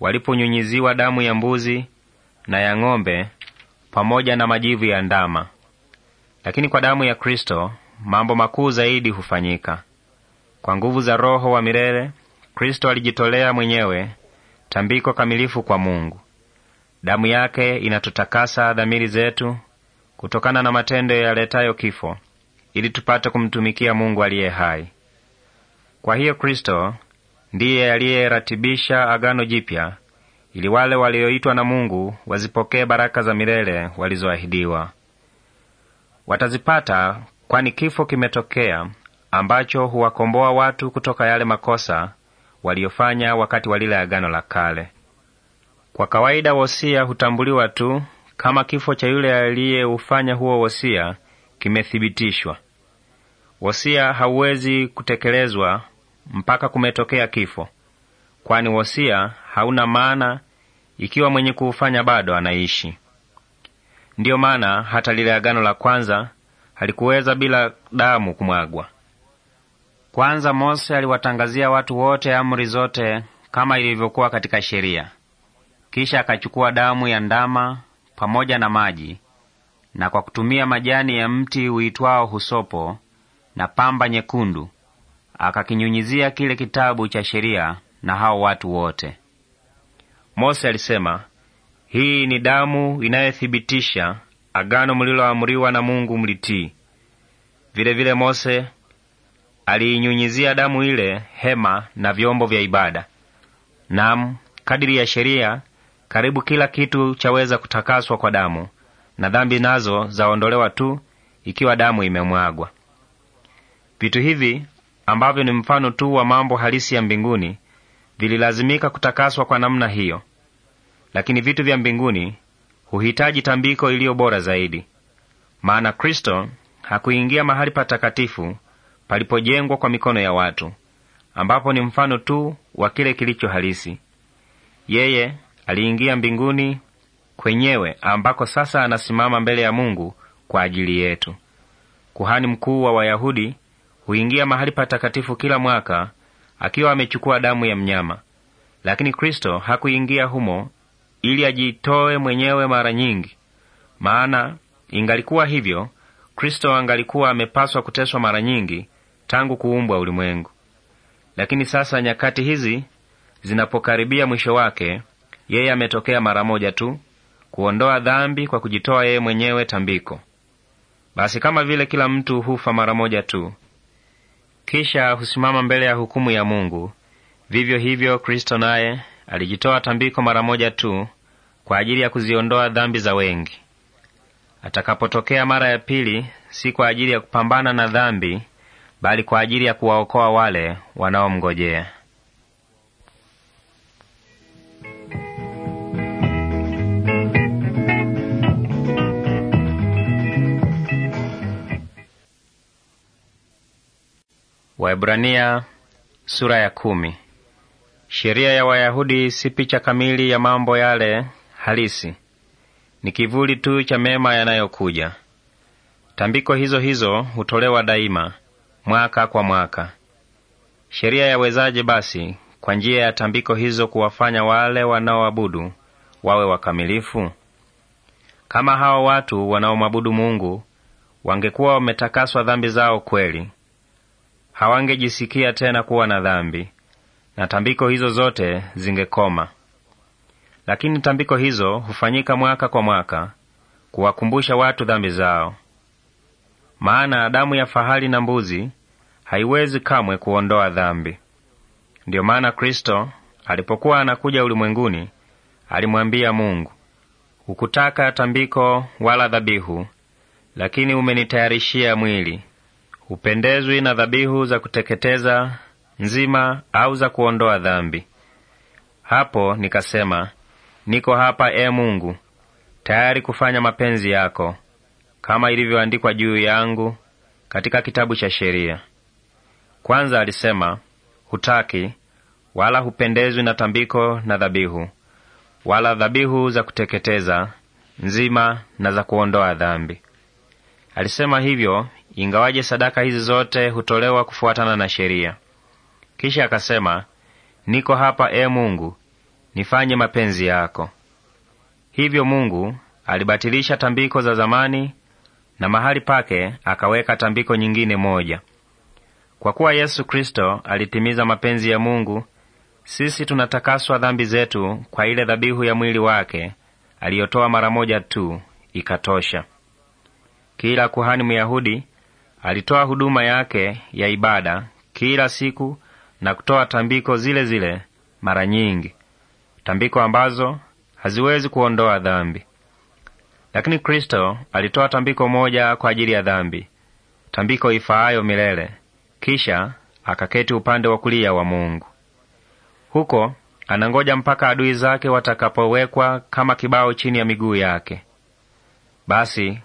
waliponyunyiziwa damu ya mbuzi na ya ng'ombe pamoja na majivu ya ndama. Lakini kwa damu ya Kristo mambo makuu zaidi hufanyika. Kwa nguvu za Roho wa milele, Kristo alijitolea mwenyewe tambiko kamilifu kwa Mungu. Damu yake inatutakasa dhamiri zetu kutokana na matendo yaletayo kifo, ili tupate kumtumikia Mungu aliye hai. Kwa hiyo Kristo ndiye aliyeratibisha agano jipya ili wale walioitwa na Mungu wazipokee baraka za milele walizoahidiwa. Watazipata kwani kifo kimetokea ambacho huwakomboa watu kutoka yale makosa waliyofanya wakati wa lile agano la kale. Kwa kawaida wosia hutambuliwa tu kama kifo cha yule aliyeufanya huo wosia kimethibitishwa. Wosia hauwezi kutekelezwa mpaka kumetokea kifo, kwani wosia hauna maana ikiwa mwenye kuufanya bado anaishi. Ndiyo maana hata lile agano la kwanza halikuweza bila damu kumwagwa. Kwanza Mose aliwatangazia watu wote amri zote kama ilivyokuwa katika sheria, kisha akachukua damu ya ndama pamoja na maji, na kwa kutumia majani ya mti uitwao husopo na pamba nyekundu, akakinyunyizia kile kitabu cha sheria na hao watu wote. Mose alisema, hii ni damu inayothibitisha agano mliloamriwa na Mungu mlitii. Vilevile Mose aliinyunyizia damu ile hema na vyombo vya ibada. Naam, kadiri ya sheria karibu kila kitu chaweza kutakaswa kwa damu, na dhambi nazo zaondolewa tu ikiwa damu imemwagwa. Vitu hivi ambavyo ni mfano tu wa mambo halisi ya mbinguni vililazimika kutakaswa kwa namna hiyo, lakini vitu vya mbinguni huhitaji tambiko iliyo bora zaidi. Maana Kristo hakuingia mahali patakatifu palipojengwa kwa mikono ya watu, ambapo ni mfano tu wa kile kilicho halisi. Yeye aliingia mbinguni kwenyewe ambako sasa anasimama mbele ya Mungu kwa ajili yetu. Kuhani mkuu wa Wayahudi huingia mahali patakatifu kila mwaka akiwa amechukua damu ya mnyama, lakini Kristo hakuingia humo ili ajitoe mwenyewe mara nyingi. Maana ingalikuwa hivyo, Kristo angalikuwa amepaswa kuteswa mara nyingi tangu kuumbwa ulimwengu. Lakini sasa nyakati hizi zinapokaribia mwisho wake, yeye ametokea mara moja tu kuondoa dhambi kwa kujitoa yeye mwenyewe tambiko. Basi kama vile kila mtu hufa mara moja tu, kisha husimama mbele ya hukumu ya Mungu, vivyo hivyo Kristo naye alijitoa tambiko mara moja tu kwa ajili ya kuziondoa dhambi za wengi. Atakapotokea mara ya pili, si kwa ajili ya kupambana na dhambi, bali kwa ajili ya kuwaokoa wale wanaomngojea. Waebrania sura ya kumi. Sheria ya Wayahudi si picha kamili ya mambo yale halisi, ni kivuli tu cha mema yanayokuja. Tambiko hizo hizo hutolewa daima mwaka kwa mwaka. Sheria yawezaje basi kwa njia ya tambiko hizo kuwafanya wale wanaoabudu wawe wakamilifu? Kama hawa watu wanaomwabudu Mungu wangekuwa wametakaswa dhambi zao kweli, hawangejisikia tena kuwa na dhambi na tambiko hizo zote zingekoma. Lakini tambiko hizo hufanyika mwaka kwa mwaka kuwakumbusha watu dhambi zao. Maana damu ya fahali na mbuzi haiwezi kamwe kuondoa dhambi. Ndiyo maana Kristo alipokuwa anakuja ulimwenguni alimwambia Mungu, hukutaka tambiko wala dhabihu, lakini umenitayarishia mwili hupendezwi na dhabihu za kuteketeza nzima au za kuondoa dhambi. Hapo nikasema, niko hapa, e Mungu, tayari kufanya mapenzi yako kama ilivyoandikwa juu yangu katika kitabu cha sheria. Kwanza alisema, hutaki wala hupendezwi na tambiko na dhabihu wala dhabihu za kuteketeza nzima na za kuondoa dhambi. Alisema hivyo ingawaje sadaka hizi zote hutolewa kufuatana na sheria. Kisha akasema, niko hapa, e Mungu, nifanye mapenzi yako. Hivyo Mungu alibatilisha tambiko za zamani na mahali pake akaweka tambiko nyingine moja. Kwa kuwa Yesu Kristo alitimiza mapenzi ya Mungu, sisi tunatakaswa dhambi zetu kwa ile dhabihu ya mwili wake aliyotoa mara moja tu, ikatosha. Kila kuhani Myahudi Alitoa huduma yake ya ibada kila siku na kutoa tambiko zile zile mara nyingi, tambiko ambazo haziwezi kuondoa dhambi. Lakini Kristo alitoa tambiko moja kwa ajili ya dhambi, tambiko ifaayo milele, kisha akaketi upande wa kulia wa Mungu. Huko anangoja mpaka adui zake watakapowekwa kama kibao chini ya miguu yake. Basi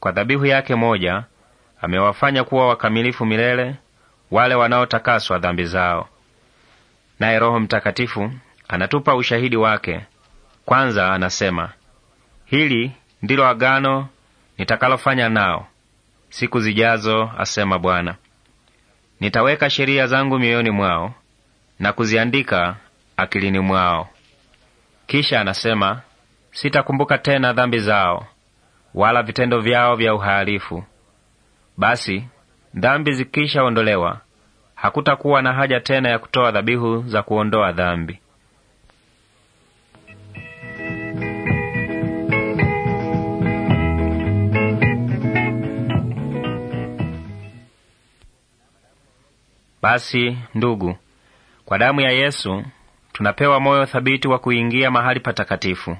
kwa dhabihu yake moja amewafanya kuwa wakamilifu milele wale wanaotakaswa dhambi zao. Naye Roho Mtakatifu anatupa ushahidi wake. Kwanza anasema, hili ndilo agano nitakalofanya nao siku zijazo, asema Bwana, nitaweka sheria zangu mioyoni mwao na kuziandika akilini mwao. Kisha anasema, sitakumbuka tena dhambi zao wala vitendo vyao vya uhalifu. Basi dhambi zikishaondolewa, hakutakuwa na haja tena ya kutoa dhabihu za kuondoa dhambi. Basi ndugu, kwa damu ya Yesu tunapewa moyo thabiti wa kuingia mahali patakatifu.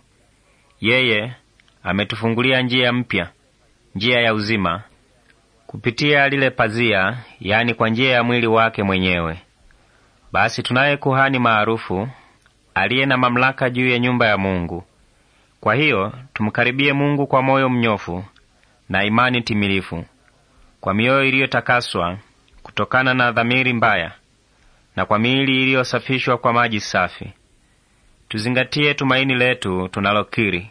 Yeye ametufungulia njia mpya, njia ya uzima, kupitia lile pazia, yani kwa njia ya mwili wake mwenyewe. Basi tunaye kuhani maarufu aliye na mamlaka juu ya nyumba ya Mungu. Kwa hiyo tumkaribie Mungu kwa moyo mnyofu na imani timilifu, kwa mioyo iliyotakaswa kutokana na dhamiri mbaya, na kwa miili iliyosafishwa kwa maji safi. Tuzingatie tumaini letu tunalokiri,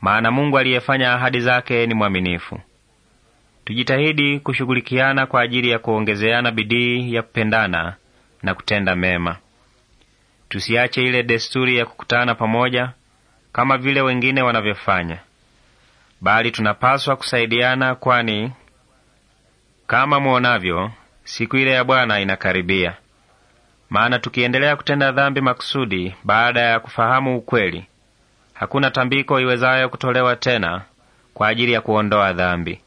maana Mungu aliyefanya ahadi zake ni mwaminifu tujitahidi kushughulikiana kwa ajili ya kuongezeana bidii ya kupendana na kutenda mema. Tusiache ile desturi ya kukutana pamoja kama vile wengine wanavyofanya, bali tunapaswa kusaidiana, kwani kama mwonavyo, siku ile ya Bwana inakaribia. Maana tukiendelea kutenda dhambi makusudi baada ya kufahamu ukweli, hakuna tambiko iwezayo kutolewa tena kwa ajili ya kuondoa dhambi.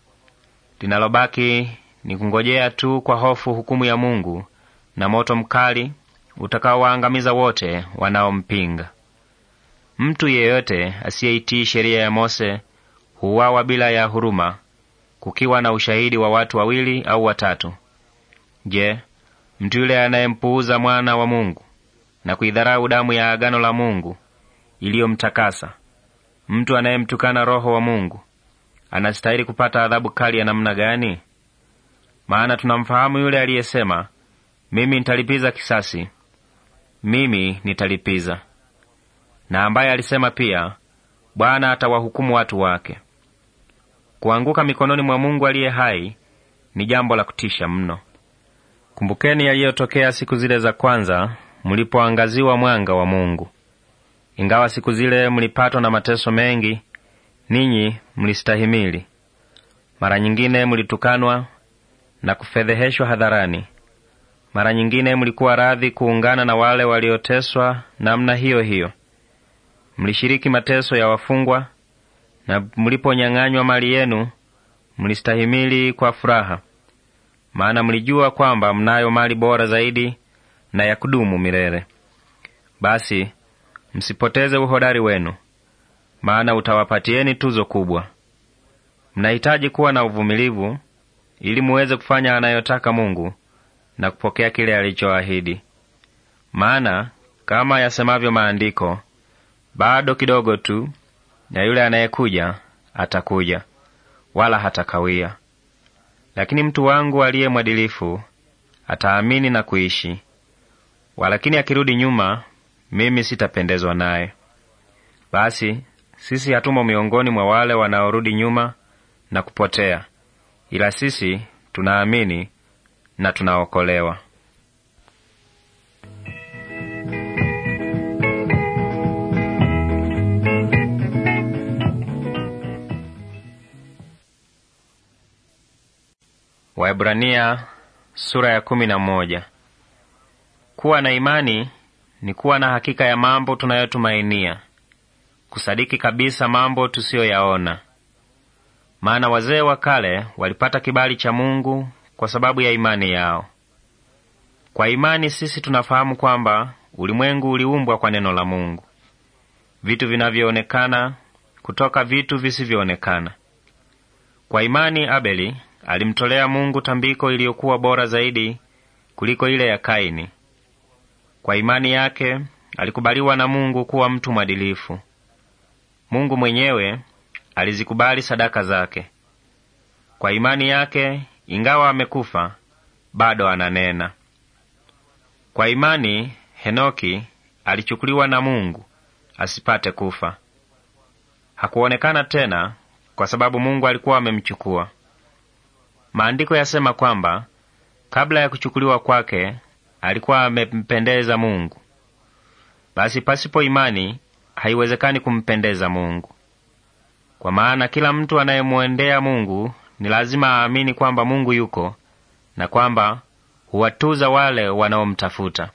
Linalobaki ni kungojea tu kwa hofu hukumu ya Mungu na moto mkali utakaowaangamiza wote wanaompinga. Mtu yeyote asiyeitii sheria ya Mose huuawa bila ya huruma, kukiwa na ushahidi wa watu wawili au watatu. Je, mtu yule anayempuuza mwana wa Mungu na kuidharau damu ya agano la Mungu iliyomtakasa, mtu anayemtukana Roho wa Mungu anastahili kupata adhabu kali ya namna gani? Maana tunamfahamu yule aliyesema, mimi nitalipiza kisasi, mimi nitalipiza, na ambaye alisema pia, Bwana atawahukumu watu wake. Kuanguka mikononi mwa Mungu aliye hai ni jambo la kutisha mno. Kumbukeni yaliyotokea siku zile za kwanza mlipoangaziwa mwanga wa Mungu. Ingawa siku zile mlipatwa na mateso mengi, ninyi mlistahimili. Mara nyingine mlitukanwa na kufedheheshwa hadharani. Mara nyingine mlikuwa radhi kuungana na wale walioteswa namna hiyo hiyo. Mlishiriki mateso ya wafungwa, na mliponyang'anywa mali yenu mlistahimili kwa furaha, maana mlijua kwamba mnayo mali bora zaidi na ya kudumu milele. Basi msipoteze uhodari wenu, maana utawapatieni tuzo kubwa. Mnahitaji kuwa na uvumilivu ili muweze kufanya anayotaka Mungu na kupokea kile alichoahidi. Maana kama yasemavyo Maandiko, bado kidogo tu, na yule anayekuja atakuja, wala hatakawia. Lakini mtu wangu aliye mwadilifu ataamini na kuishi, walakini akirudi nyuma, mimi sitapendezwa naye. Basi sisi hatumo miongoni mwa wale wanaorudi nyuma na kupotea, ila sisi tunaamini na tunaokolewa. Waebrania sura ya kumi na moja. Kuwa na imani ni kuwa na hakika ya mambo tunayotumainia kusadiki kabisa mambo tusiyoyaona. Maana wazee wa kale walipata kibali cha Mungu kwa sababu ya imani yao. Kwa imani sisi tunafahamu kwamba ulimwengu uliumbwa kwa neno la Mungu, vitu vinavyoonekana kutoka vitu visivyoonekana. Kwa imani Abeli alimtolea Mungu tambiko iliyokuwa bora zaidi kuliko ile ya Kaini. Kwa imani yake alikubaliwa na Mungu kuwa mtu mwadilifu. Mungu mwenyewe alizikubali sadaka zake. Kwa imani yake, ingawa amekufa, bado ananena. Kwa imani Henoki alichukuliwa na Mungu asipate kufa. Hakuonekana tena kwa sababu Mungu alikuwa amemchukua. Maandiko yasema kwamba kabla ya kuchukuliwa kwake alikuwa amempendeza Mungu. Basi pasipo imani haiwezekani kumpendeza Mungu, kwa maana kila mtu anayemwendea Mungu ni lazima aamini kwamba Mungu yuko na kwamba huwatuza wale wanaomtafuta.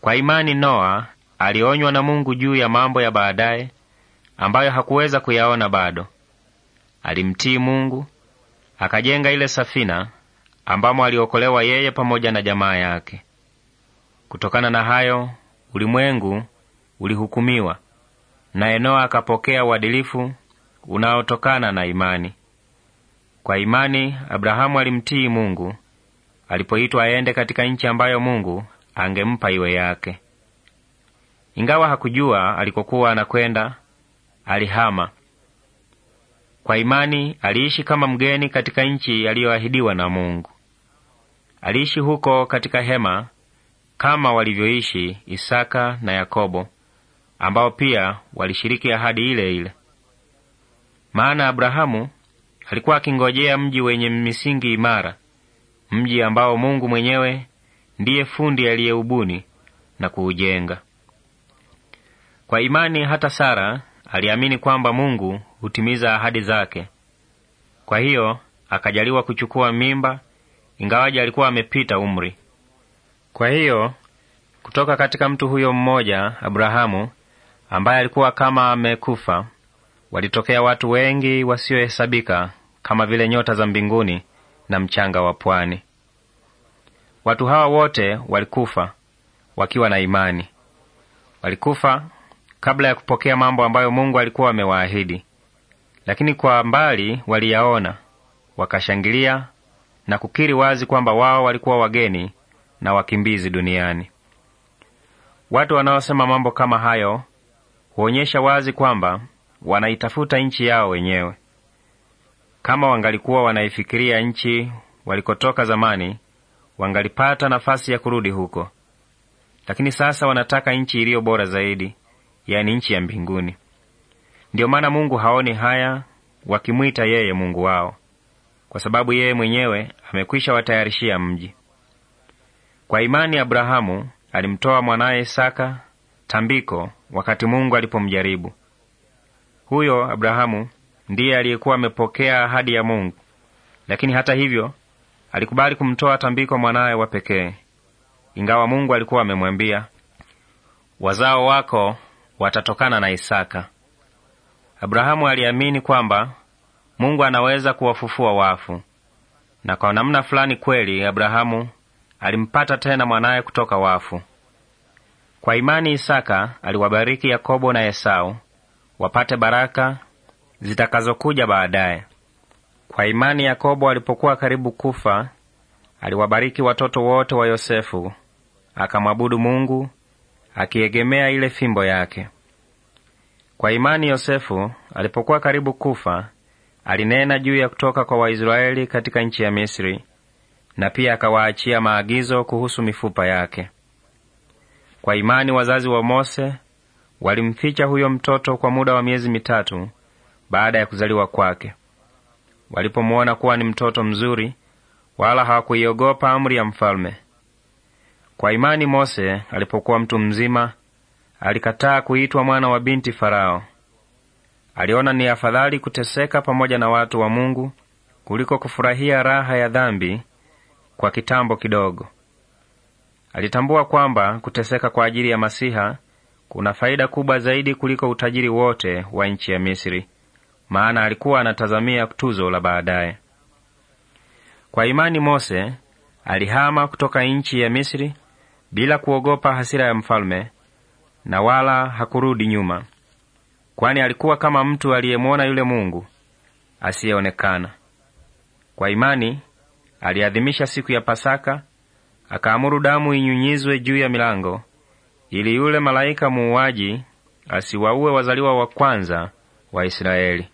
Kwa imani Noa alionywa na Mungu juu ya mambo ya baadaye ambayo hakuweza kuyaona bado. Alimtii Mungu akajenga ile safina ambamo aliokolewa yeye pamoja na jamaa yake. Kutokana na hayo ulimwengu ulihukumiwa, na Enoa akapokea uadilifu unaotokana na imani. Kwa imani Abrahamu alimtii Mungu alipoitwa aende katika nchi ambayo Mungu angempa iwe yake. Ingawa hakujua alikokuwa anakwenda, alihama. Kwa imani aliishi kama mgeni katika nchi aliyoahidiwa na Mungu. Aliishi huko katika hema kama walivyoishi Isaka na Yakobo ambao pia walishiriki ahadi ile ile. Maana Abrahamu alikuwa akingojea mji wenye misingi imara, mji ambao Mungu mwenyewe ndiye fundi aliyeubuni na kuujenga. Kwa imani hata Sara aliamini kwamba Mungu hutimiza ahadi zake. Kwa hiyo akajaliwa kuchukua mimba, ingawaji alikuwa amepita umri. Kwa hiyo kutoka katika mtu huyo mmoja Abrahamu ambaye alikuwa kama amekufa, walitokea watu wengi wasiohesabika kama vile nyota za mbinguni na mchanga wa pwani. Watu hawa wote walikufa wakiwa na imani. Walikufa kabla ya kupokea mambo ambayo Mungu alikuwa amewaahidi, lakini kwa mbali waliyaona, wakashangilia na kukiri wazi kwamba wao walikuwa wageni na wakimbizi duniani. Watu wanaosema mambo kama hayo huonyesha wazi kwamba wanaitafuta nchi yao wenyewe. Kama wangalikuwa wanaifikiria nchi walikotoka zamani, wangalipata nafasi ya kurudi huko, lakini sasa wanataka nchi iliyo bora zaidi, yani nchi ya mbinguni. Ndiyo maana Mungu haoni haya wakimwita yeye Mungu wao, kwa sababu yeye mwenyewe amekwisha watayarishia mji. Kwa imani Abrahamu alimtoa mwanaye Isaka tambiko wakati Mungu alipomjaribu. Huyo Abrahamu ndiye aliyekuwa amepokea ahadi ya Mungu, lakini hata hivyo alikubali kumtoa tambiko mwanawe wa pekee, ingawa Mungu alikuwa amemwambia, wazao wako watatokana na Isaka. Abrahamu aliamini kwamba Mungu anaweza kuwafufua wafu, na kwa namna fulani kweli Abrahamu alimpata tena mwanaye kutoka wafu. Kwa imani Isaka aliwabariki Yakobo na Esau wapate baraka zitakazokuja baadaye. Kwa imani Yakobo alipokuwa karibu kufa, aliwabariki watoto wote wa Yosefu, akamwabudu Mungu akiegemea ile fimbo yake. Kwa imani Yosefu alipokuwa karibu kufa, alinena juu ya kutoka kwa Waisraeli katika nchi ya Misri, na pia akawaachia maagizo kuhusu mifupa yake. Kwa imani wazazi wa Mose walimficha huyo mtoto kwa muda wa miezi mitatu baada ya kuzaliwa kwake. Walipomwona kuwa ni mtoto mzuri, wala hawakuiogopa amri ya mfalme. Kwa imani Mose alipokuwa mtu mzima alikataa kuitwa mwana wa binti Farao. Aliona ni afadhali kuteseka pamoja na watu wa Mungu kuliko kufurahia raha ya dhambi kwa kitambo kidogo. Alitambua kwamba kuteseka kwa ajili ya Masiha kuna faida kubwa zaidi kuliko utajiri wote wa nchi ya Misri, maana alikuwa anatazamia tuzo la baadaye. Kwa imani Mose alihama kutoka nchi ya Misri bila kuogopa hasira ya mfalme, na wala hakurudi nyuma, kwani alikuwa kama mtu aliyemwona yule Mungu asiyeonekana. Kwa imani aliadhimisha siku ya Pasaka akaamuru damu inyunyizwe juu ya milango ili yule malaika muuaji asiwaue wazaliwa wa kwanza wa Israeli.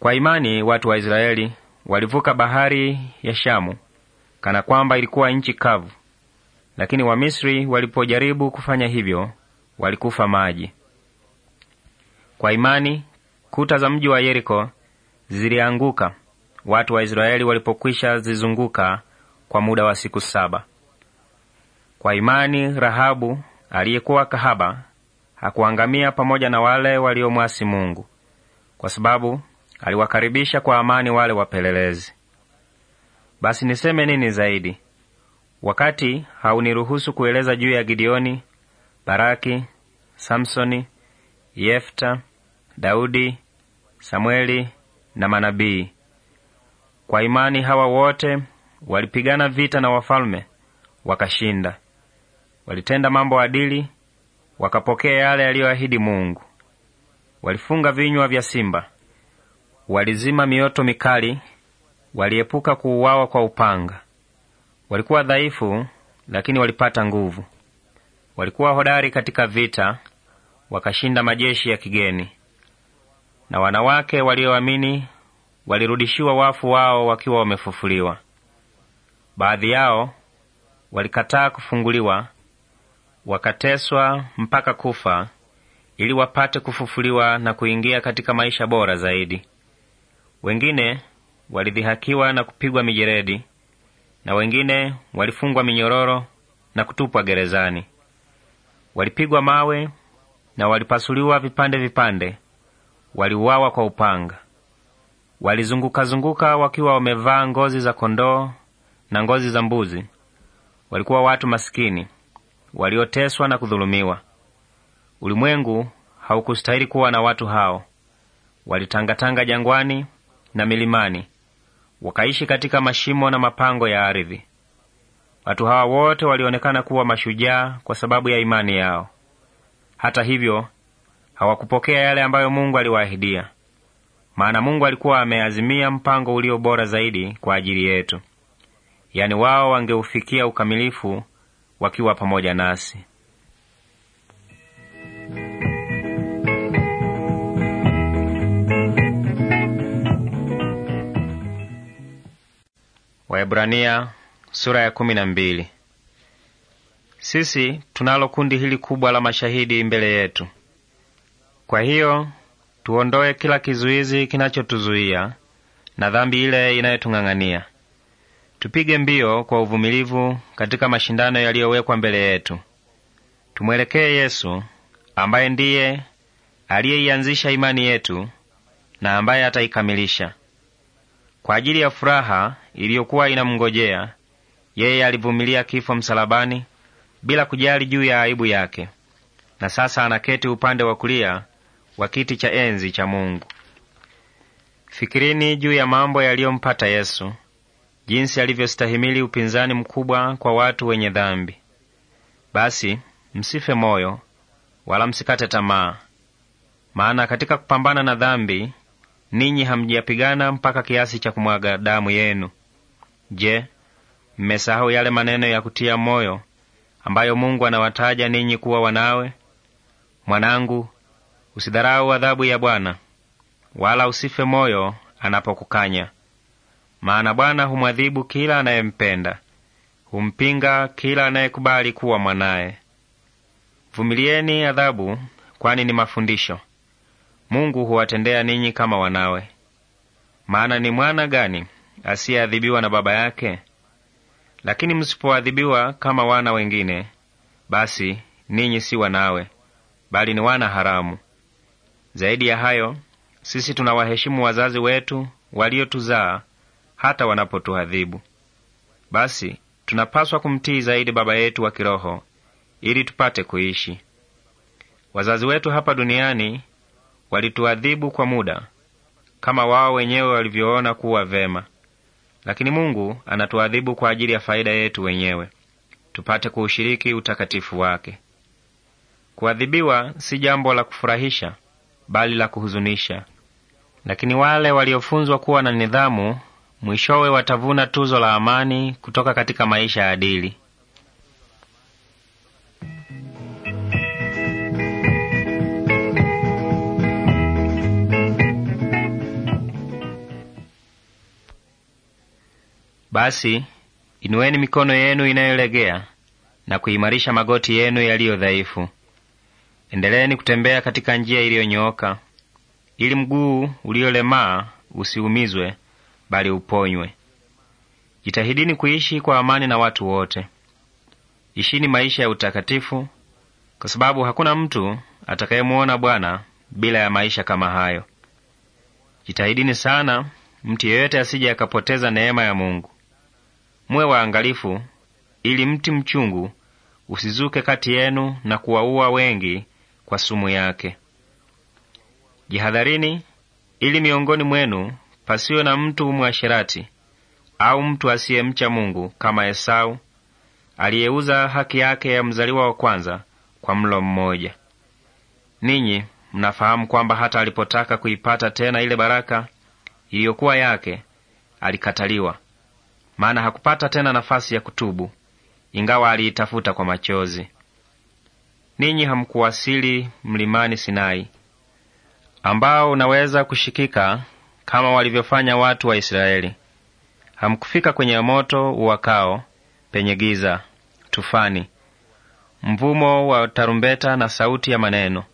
Kwa imani watu wa Israeli walivuka bahari ya Shamu kana kwamba ilikuwa nchi kavu, lakini Wamisri walipojaribu kufanya hivyo walikufa maji. Kwa imani kuta za mji wa Yeriko zilianguka watu wa Israeli walipokwisha zizunguka kwa muda wa siku saba. Kwa imani Rahabu aliyekuwa kahaba hakuangamia pamoja na wale waliomwasi Mungu, kwa sababu aliwakaribisha kwa amani wale wapelelezi. Basi niseme nini zaidi? Wakati hauniruhusu kueleza juu ya Gideoni, Baraki, Samsoni, Yefta, Daudi, Samueli na manabii. Kwa imani hawa wote Walipigana vita na wafalme wakashinda. Walitenda mambo adili, wakapokea yale yaliyoahidi Mungu. Walifunga vinywa vya simba, walizima mioto mikali, waliepuka kuuawa kwa upanga. Walikuwa dhaifu, lakini walipata nguvu. Walikuwa hodari katika vita, wakashinda majeshi ya kigeni. Na wanawake walioamini walirudishiwa wafu wao wakiwa wamefufuliwa. Baadhi yao walikataa kufunguliwa, wakateswa mpaka kufa ili wapate kufufuliwa na kuingia katika maisha bora zaidi. Wengine walidhihakiwa na kupigwa mijeredi, na wengine walifungwa minyororo na kutupwa gerezani. Walipigwa mawe na walipasuliwa vipande vipande, waliuawa kwa upanga. Walizunguka zunguka wakiwa wamevaa ngozi za kondoo na ngozi za mbuzi. Walikuwa watu masikini walioteswa na kudhulumiwa. Ulimwengu haukustahili kuwa na watu hao. Walitangatanga jangwani na milimani, wakaishi katika mashimo na mapango ya ardhi. Watu hawa wote walionekana kuwa mashujaa kwa sababu ya imani yao. Hata hivyo, hawakupokea yale ambayo Mungu aliwaahidia, maana Mungu alikuwa ameazimia mpango ulio bora zaidi kwa ajili yetu yani wao wangeufikia ukamilifu wakiwa pamoja nasi. Waebrania sura ya kumi na mbili. Sisi tunalo kundi hili kubwa la mashahidi mbele yetu. Kwa hiyo tuondoe kila kizuizi kinachotuzuia na dhambi ile inayotung'ang'ania Tupige mbio kwa uvumilivu katika mashindano yaliyowekwa mbele yetu. Tumwelekee Yesu ambaye ndiye aliyeianzisha imani yetu na ambaye ataikamilisha. Kwa ajili ya furaha iliyokuwa inamngojea yeye, alivumilia kifo msalabani bila kujali juu ya aibu yake, na sasa anaketi upande wa kulia wa kiti cha enzi cha Mungu. Fikirini juu ya mambo yaliyompata Yesu jinsi alivyostahimili upinzani mkubwa kwa watu wenye dhambi. Basi msife moyo wala msikate tamaa, maana katika kupambana na dhambi ninyi hamjapigana mpaka kiasi cha kumwaga damu yenu. Je, mmesahau yale maneno ya kutia moyo ambayo Mungu anawataja ninyi kuwa wanawe? Mwanangu, usidharau adhabu ya Bwana, wala usife moyo anapokukanya. Maana Bwana humwadhibu kila anayempenda, humpinga kila anayekubali kuwa mwanaye. Vumilieni adhabu, kwani ni mafundisho. Mungu huwatendea ninyi kama wanawe. Maana ni mwana gani asiyeadhibiwa na baba yake? Lakini msipoadhibiwa kama wana wengine, basi ninyi si wanawe, bali ni wana haramu. Zaidi ya hayo, sisi tunawaheshimu wazazi wetu waliotuzaa hata wanapotuadhibu. Basi tunapaswa kumtii zaidi Baba yetu wa kiroho ili tupate kuishi. Wazazi wetu hapa duniani walituadhibu kwa muda kama wao wenyewe walivyoona kuwa vema, lakini Mungu anatuadhibu kwa ajili ya faida yetu wenyewe, tupate kuushiriki utakatifu wake. Kuadhibiwa si jambo la kufurahisha, bali la kuhuzunisha, lakini wale waliofunzwa kuwa na nidhamu mwishowe watavuna tuzo la amani kutoka katika maisha ya adili. Basi inueni mikono yenu inayolegea na kuimarisha magoti yenu yaliyo dhaifu. Endeleeni kutembea katika njia iliyonyooka, ili mguu uliolemaa usiumizwe bali uponywe. Jitahidini kuishi kwa amani na watu wote. Ishini maisha ya utakatifu, kwa sababu hakuna mtu atakayemwona Bwana bila ya maisha kama hayo. Jitahidini sana mtu yeyote asije akapoteza neema ya Mungu. Muwe waangalifu ili mti mchungu usizuke kati yenu na kuwaua wengi kwa sumu yake. Jihadharini ili miongoni mwenu Pasiwe na mtu mwasherati au mtu asiyemcha Mungu kama Esau aliyeuza haki yake ya mzaliwa wa kwanza kwa mlo mmoja. Ninyi mnafahamu kwamba hata alipotaka kuipata tena ile baraka iliyokuwa yake, alikataliwa, maana hakupata tena nafasi ya kutubu, ingawa aliitafuta kwa machozi. Ninyi hamkuwasili mlimani Sinai, ambao unaweza kushikika kama walivyofanya watu wa Israeli. Hamkufika kwenye moto uwakao, penye giza, tufani, mvumo wa tarumbeta na sauti ya maneno.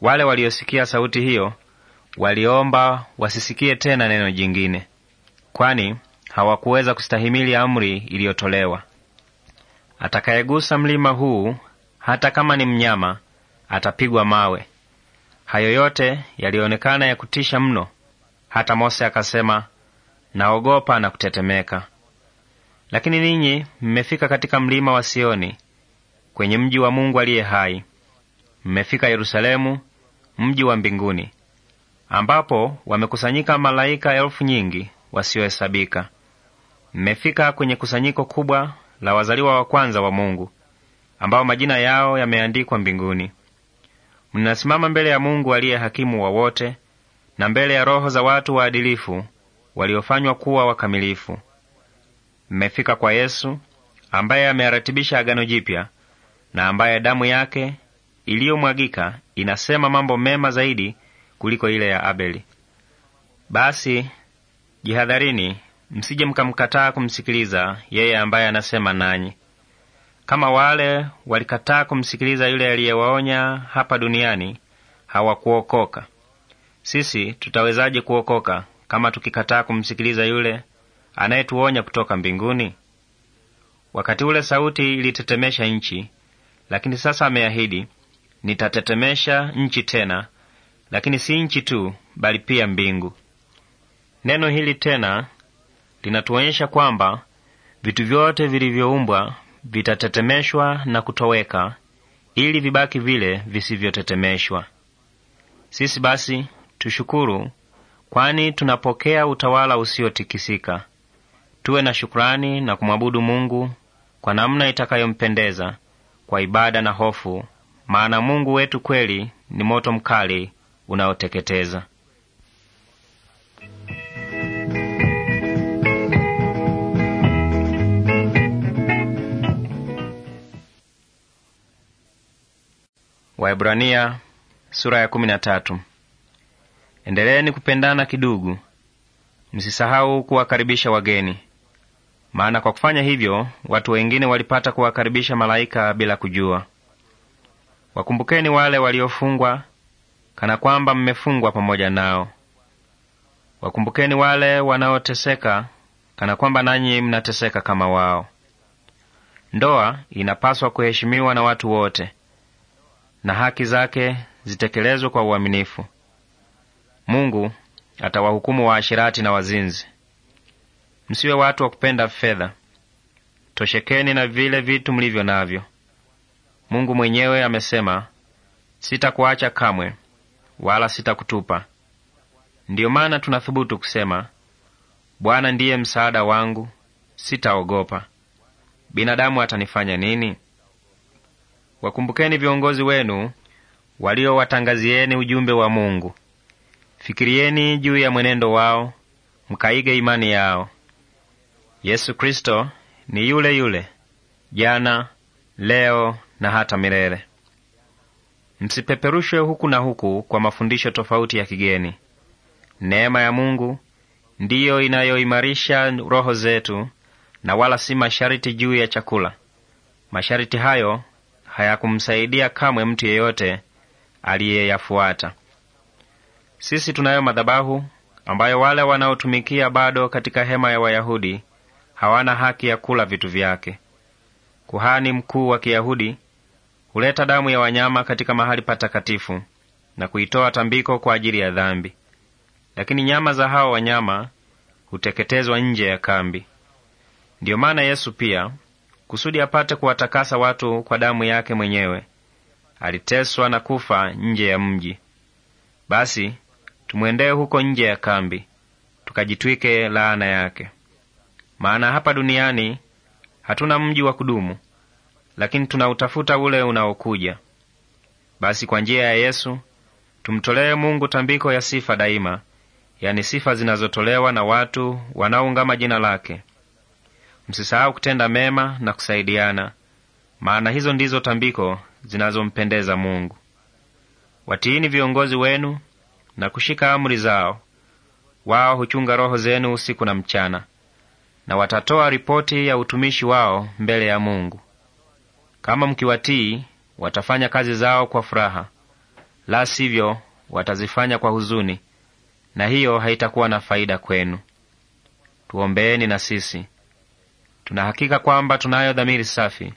Wale waliosikia sauti hiyo waliomba wasisikie tena neno jingine, kwani hawakuweza kustahimili amri iliyotolewa. Atakayegusa mlima huu, hata kama ni mnyama, atapigwa mawe. Hayo yote yalionekana ya kutisha mno hata Mose akasema, naogopa na kutetemeka. Lakini ninyi mmefika katika mlima wa Sioni, kwenye mji wa Mungu aliye hai. Mmefika Yerusalemu, mji wa mbinguni, ambapo wamekusanyika malaika elfu nyingi wasiohesabika. Mmefika kwenye kusanyiko kubwa la wazaliwa wa kwanza wa Mungu, ambao majina yao yameandikwa mbinguni. Mnasimama mbele ya Mungu aliye hakimu wa wote na mbele ya roho za watu waadilifu waliofanywa kuwa wakamilifu. Mmefika kwa Yesu ambaye ameyaratibisha agano jipya na ambaye damu yake iliyomwagika inasema mambo mema zaidi kuliko ile ya Abeli. Basi jihadharini, msije mkamkataa kumsikiliza yeye ambaye anasema nanyi, kama wale walikataa kumsikiliza yule aliyewaonya hapa duniani, hawakuokoka. Sisi tutawezaje kuokoka kama tukikataa kumsikiliza yule anayetuonya kutoka mbinguni? Wakati ule sauti ilitetemesha nchi, lakini sasa ameahidi, nitatetemesha nchi tena, lakini si nchi tu, bali pia mbingu. Neno hili tena linatuonyesha kwamba vitu vyote vilivyoumbwa vitatetemeshwa na kutoweka, ili vibaki vile visivyotetemeshwa. Sisi basi Tushukuru, kwani tunapokea utawala usiotikisika. Tuwe na shukurani na kumwabudu Mungu kwa namna itakayompendeza kwa ibada na hofu, maana Mungu wetu kweli ni moto mkali unaoteketeza. Waebrania sura ya kumi na tatu. Endeleeni kupendana kidugu, msisahau kuwakaribisha wageni, maana kwa kufanya hivyo watu wengine walipata kuwakaribisha malaika bila kujua. Wakumbukeni wale waliofungwa, kana kwamba mmefungwa pamoja nao. Wakumbukeni wale wanaoteseka, kana kwamba nanyi mnateseka kama wao. Ndoa inapaswa kuheshimiwa na watu wote na haki zake zitekelezwe kwa uaminifu. Mungu atawahukumu waasherati na wazinzi. Msiwe watu wa kupenda fedha, toshekeni na vile vitu mlivyo navyo. Mungu mwenyewe amesema, sitakuacha kamwe, wala sitakutupa. Ndiyo maana tunathubutu kusema, Bwana ndiye msaada wangu, sitaogopa. Binadamu atanifanya nini? Wakumbukeni viongozi wenu waliowatangazieni ujumbe wa Mungu. Fikirieni juu ya mwenendo wao, mkaige imani yao. Yesu Kristo ni yule yule jana, leo na hata milele. Msipeperushwe huku na huku kwa mafundisho tofauti ya kigeni. Neema ya Mungu ndiyo inayoimarisha roho zetu, na wala si masharti juu ya chakula. Masharti hayo hayakumsaidia kamwe mtu yeyote aliyeyafuata. Sisi tunayo madhabahu ambayo wale wanaotumikia bado katika hema ya Wayahudi hawana haki ya kula vitu vyake. Kuhani mkuu wa Kiyahudi huleta damu ya wanyama katika mahali patakatifu na kuitoa tambiko kwa ajili ya dhambi, lakini nyama za hao wanyama huteketezwa nje ya kambi. Ndiyo maana Yesu pia, kusudi apate kuwatakasa watu kwa damu yake mwenyewe, aliteswa na kufa nje ya mji. Basi tumwendee huko nje ya kambi, tukajitwike laana yake. Maana hapa duniani hatuna mji wa kudumu, lakini tunautafuta ule unaokuja. Basi kwa njia ya Yesu tumtolee Mungu tambiko ya sifa daima, yani sifa zinazotolewa na watu wanaoungama jina lake. Msisahau kutenda mema na kusaidiana, maana hizo ndizo tambiko zinazompendeza Mungu. Watiini viongozi wenu na kushika amri zao. Wao huchunga roho zenu usiku na mchana, na watatoa ripoti ya utumishi wao mbele ya Mungu. Kama mkiwatii, watafanya kazi zao kwa furaha, la sivyo watazifanya kwa huzuni, na hiyo haitakuwa na faida kwenu. Tuombeeni na sisi. Tunahakika kwamba tunayo dhamiri safi,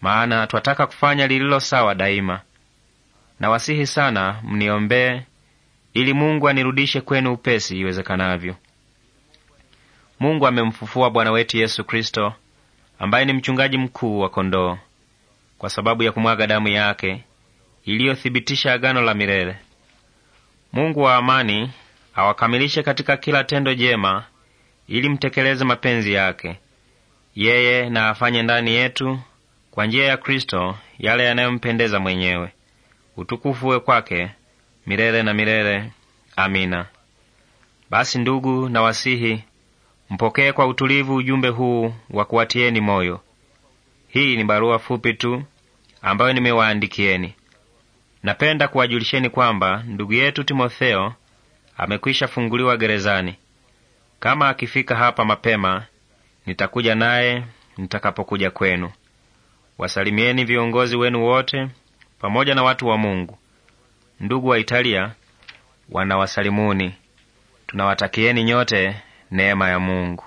maana twataka kufanya lililo sawa daima. Nawasihi sana mniombee ili Mungu anirudishe kwenu upesi iwezekanavyo. Mungu amemfufua Bwana wetu Yesu Kristo, ambaye ni mchungaji mkuu wa kondoo, kwa sababu ya kumwaga damu yake iliyothibitisha agano la milele. Mungu wa amani awakamilishe katika kila tendo jema, ili mtekeleze mapenzi yake yeye, na afanye ndani yetu kwa njia ya Kristo yale yanayompendeza mwenyewe. Utukufu we kwake milele na milele. Amina. Basi ndugu, na wasihi mpokee kwa utulivu ujumbe huu wa kuwatieni moyo. Hii ni barua fupi tu ambayo nimewaandikieni. Napenda kuwajulisheni kwamba ndugu yetu Timotheo amekwisha funguliwa gerezani. Kama akifika hapa mapema, nitakuja naye nitakapokuja kwenu. Wasalimieni viongozi wenu wote pamoja na watu wa Mungu. Ndugu wa Italia wanawasalimuni. Tunawatakieni nyote neema ya Mungu.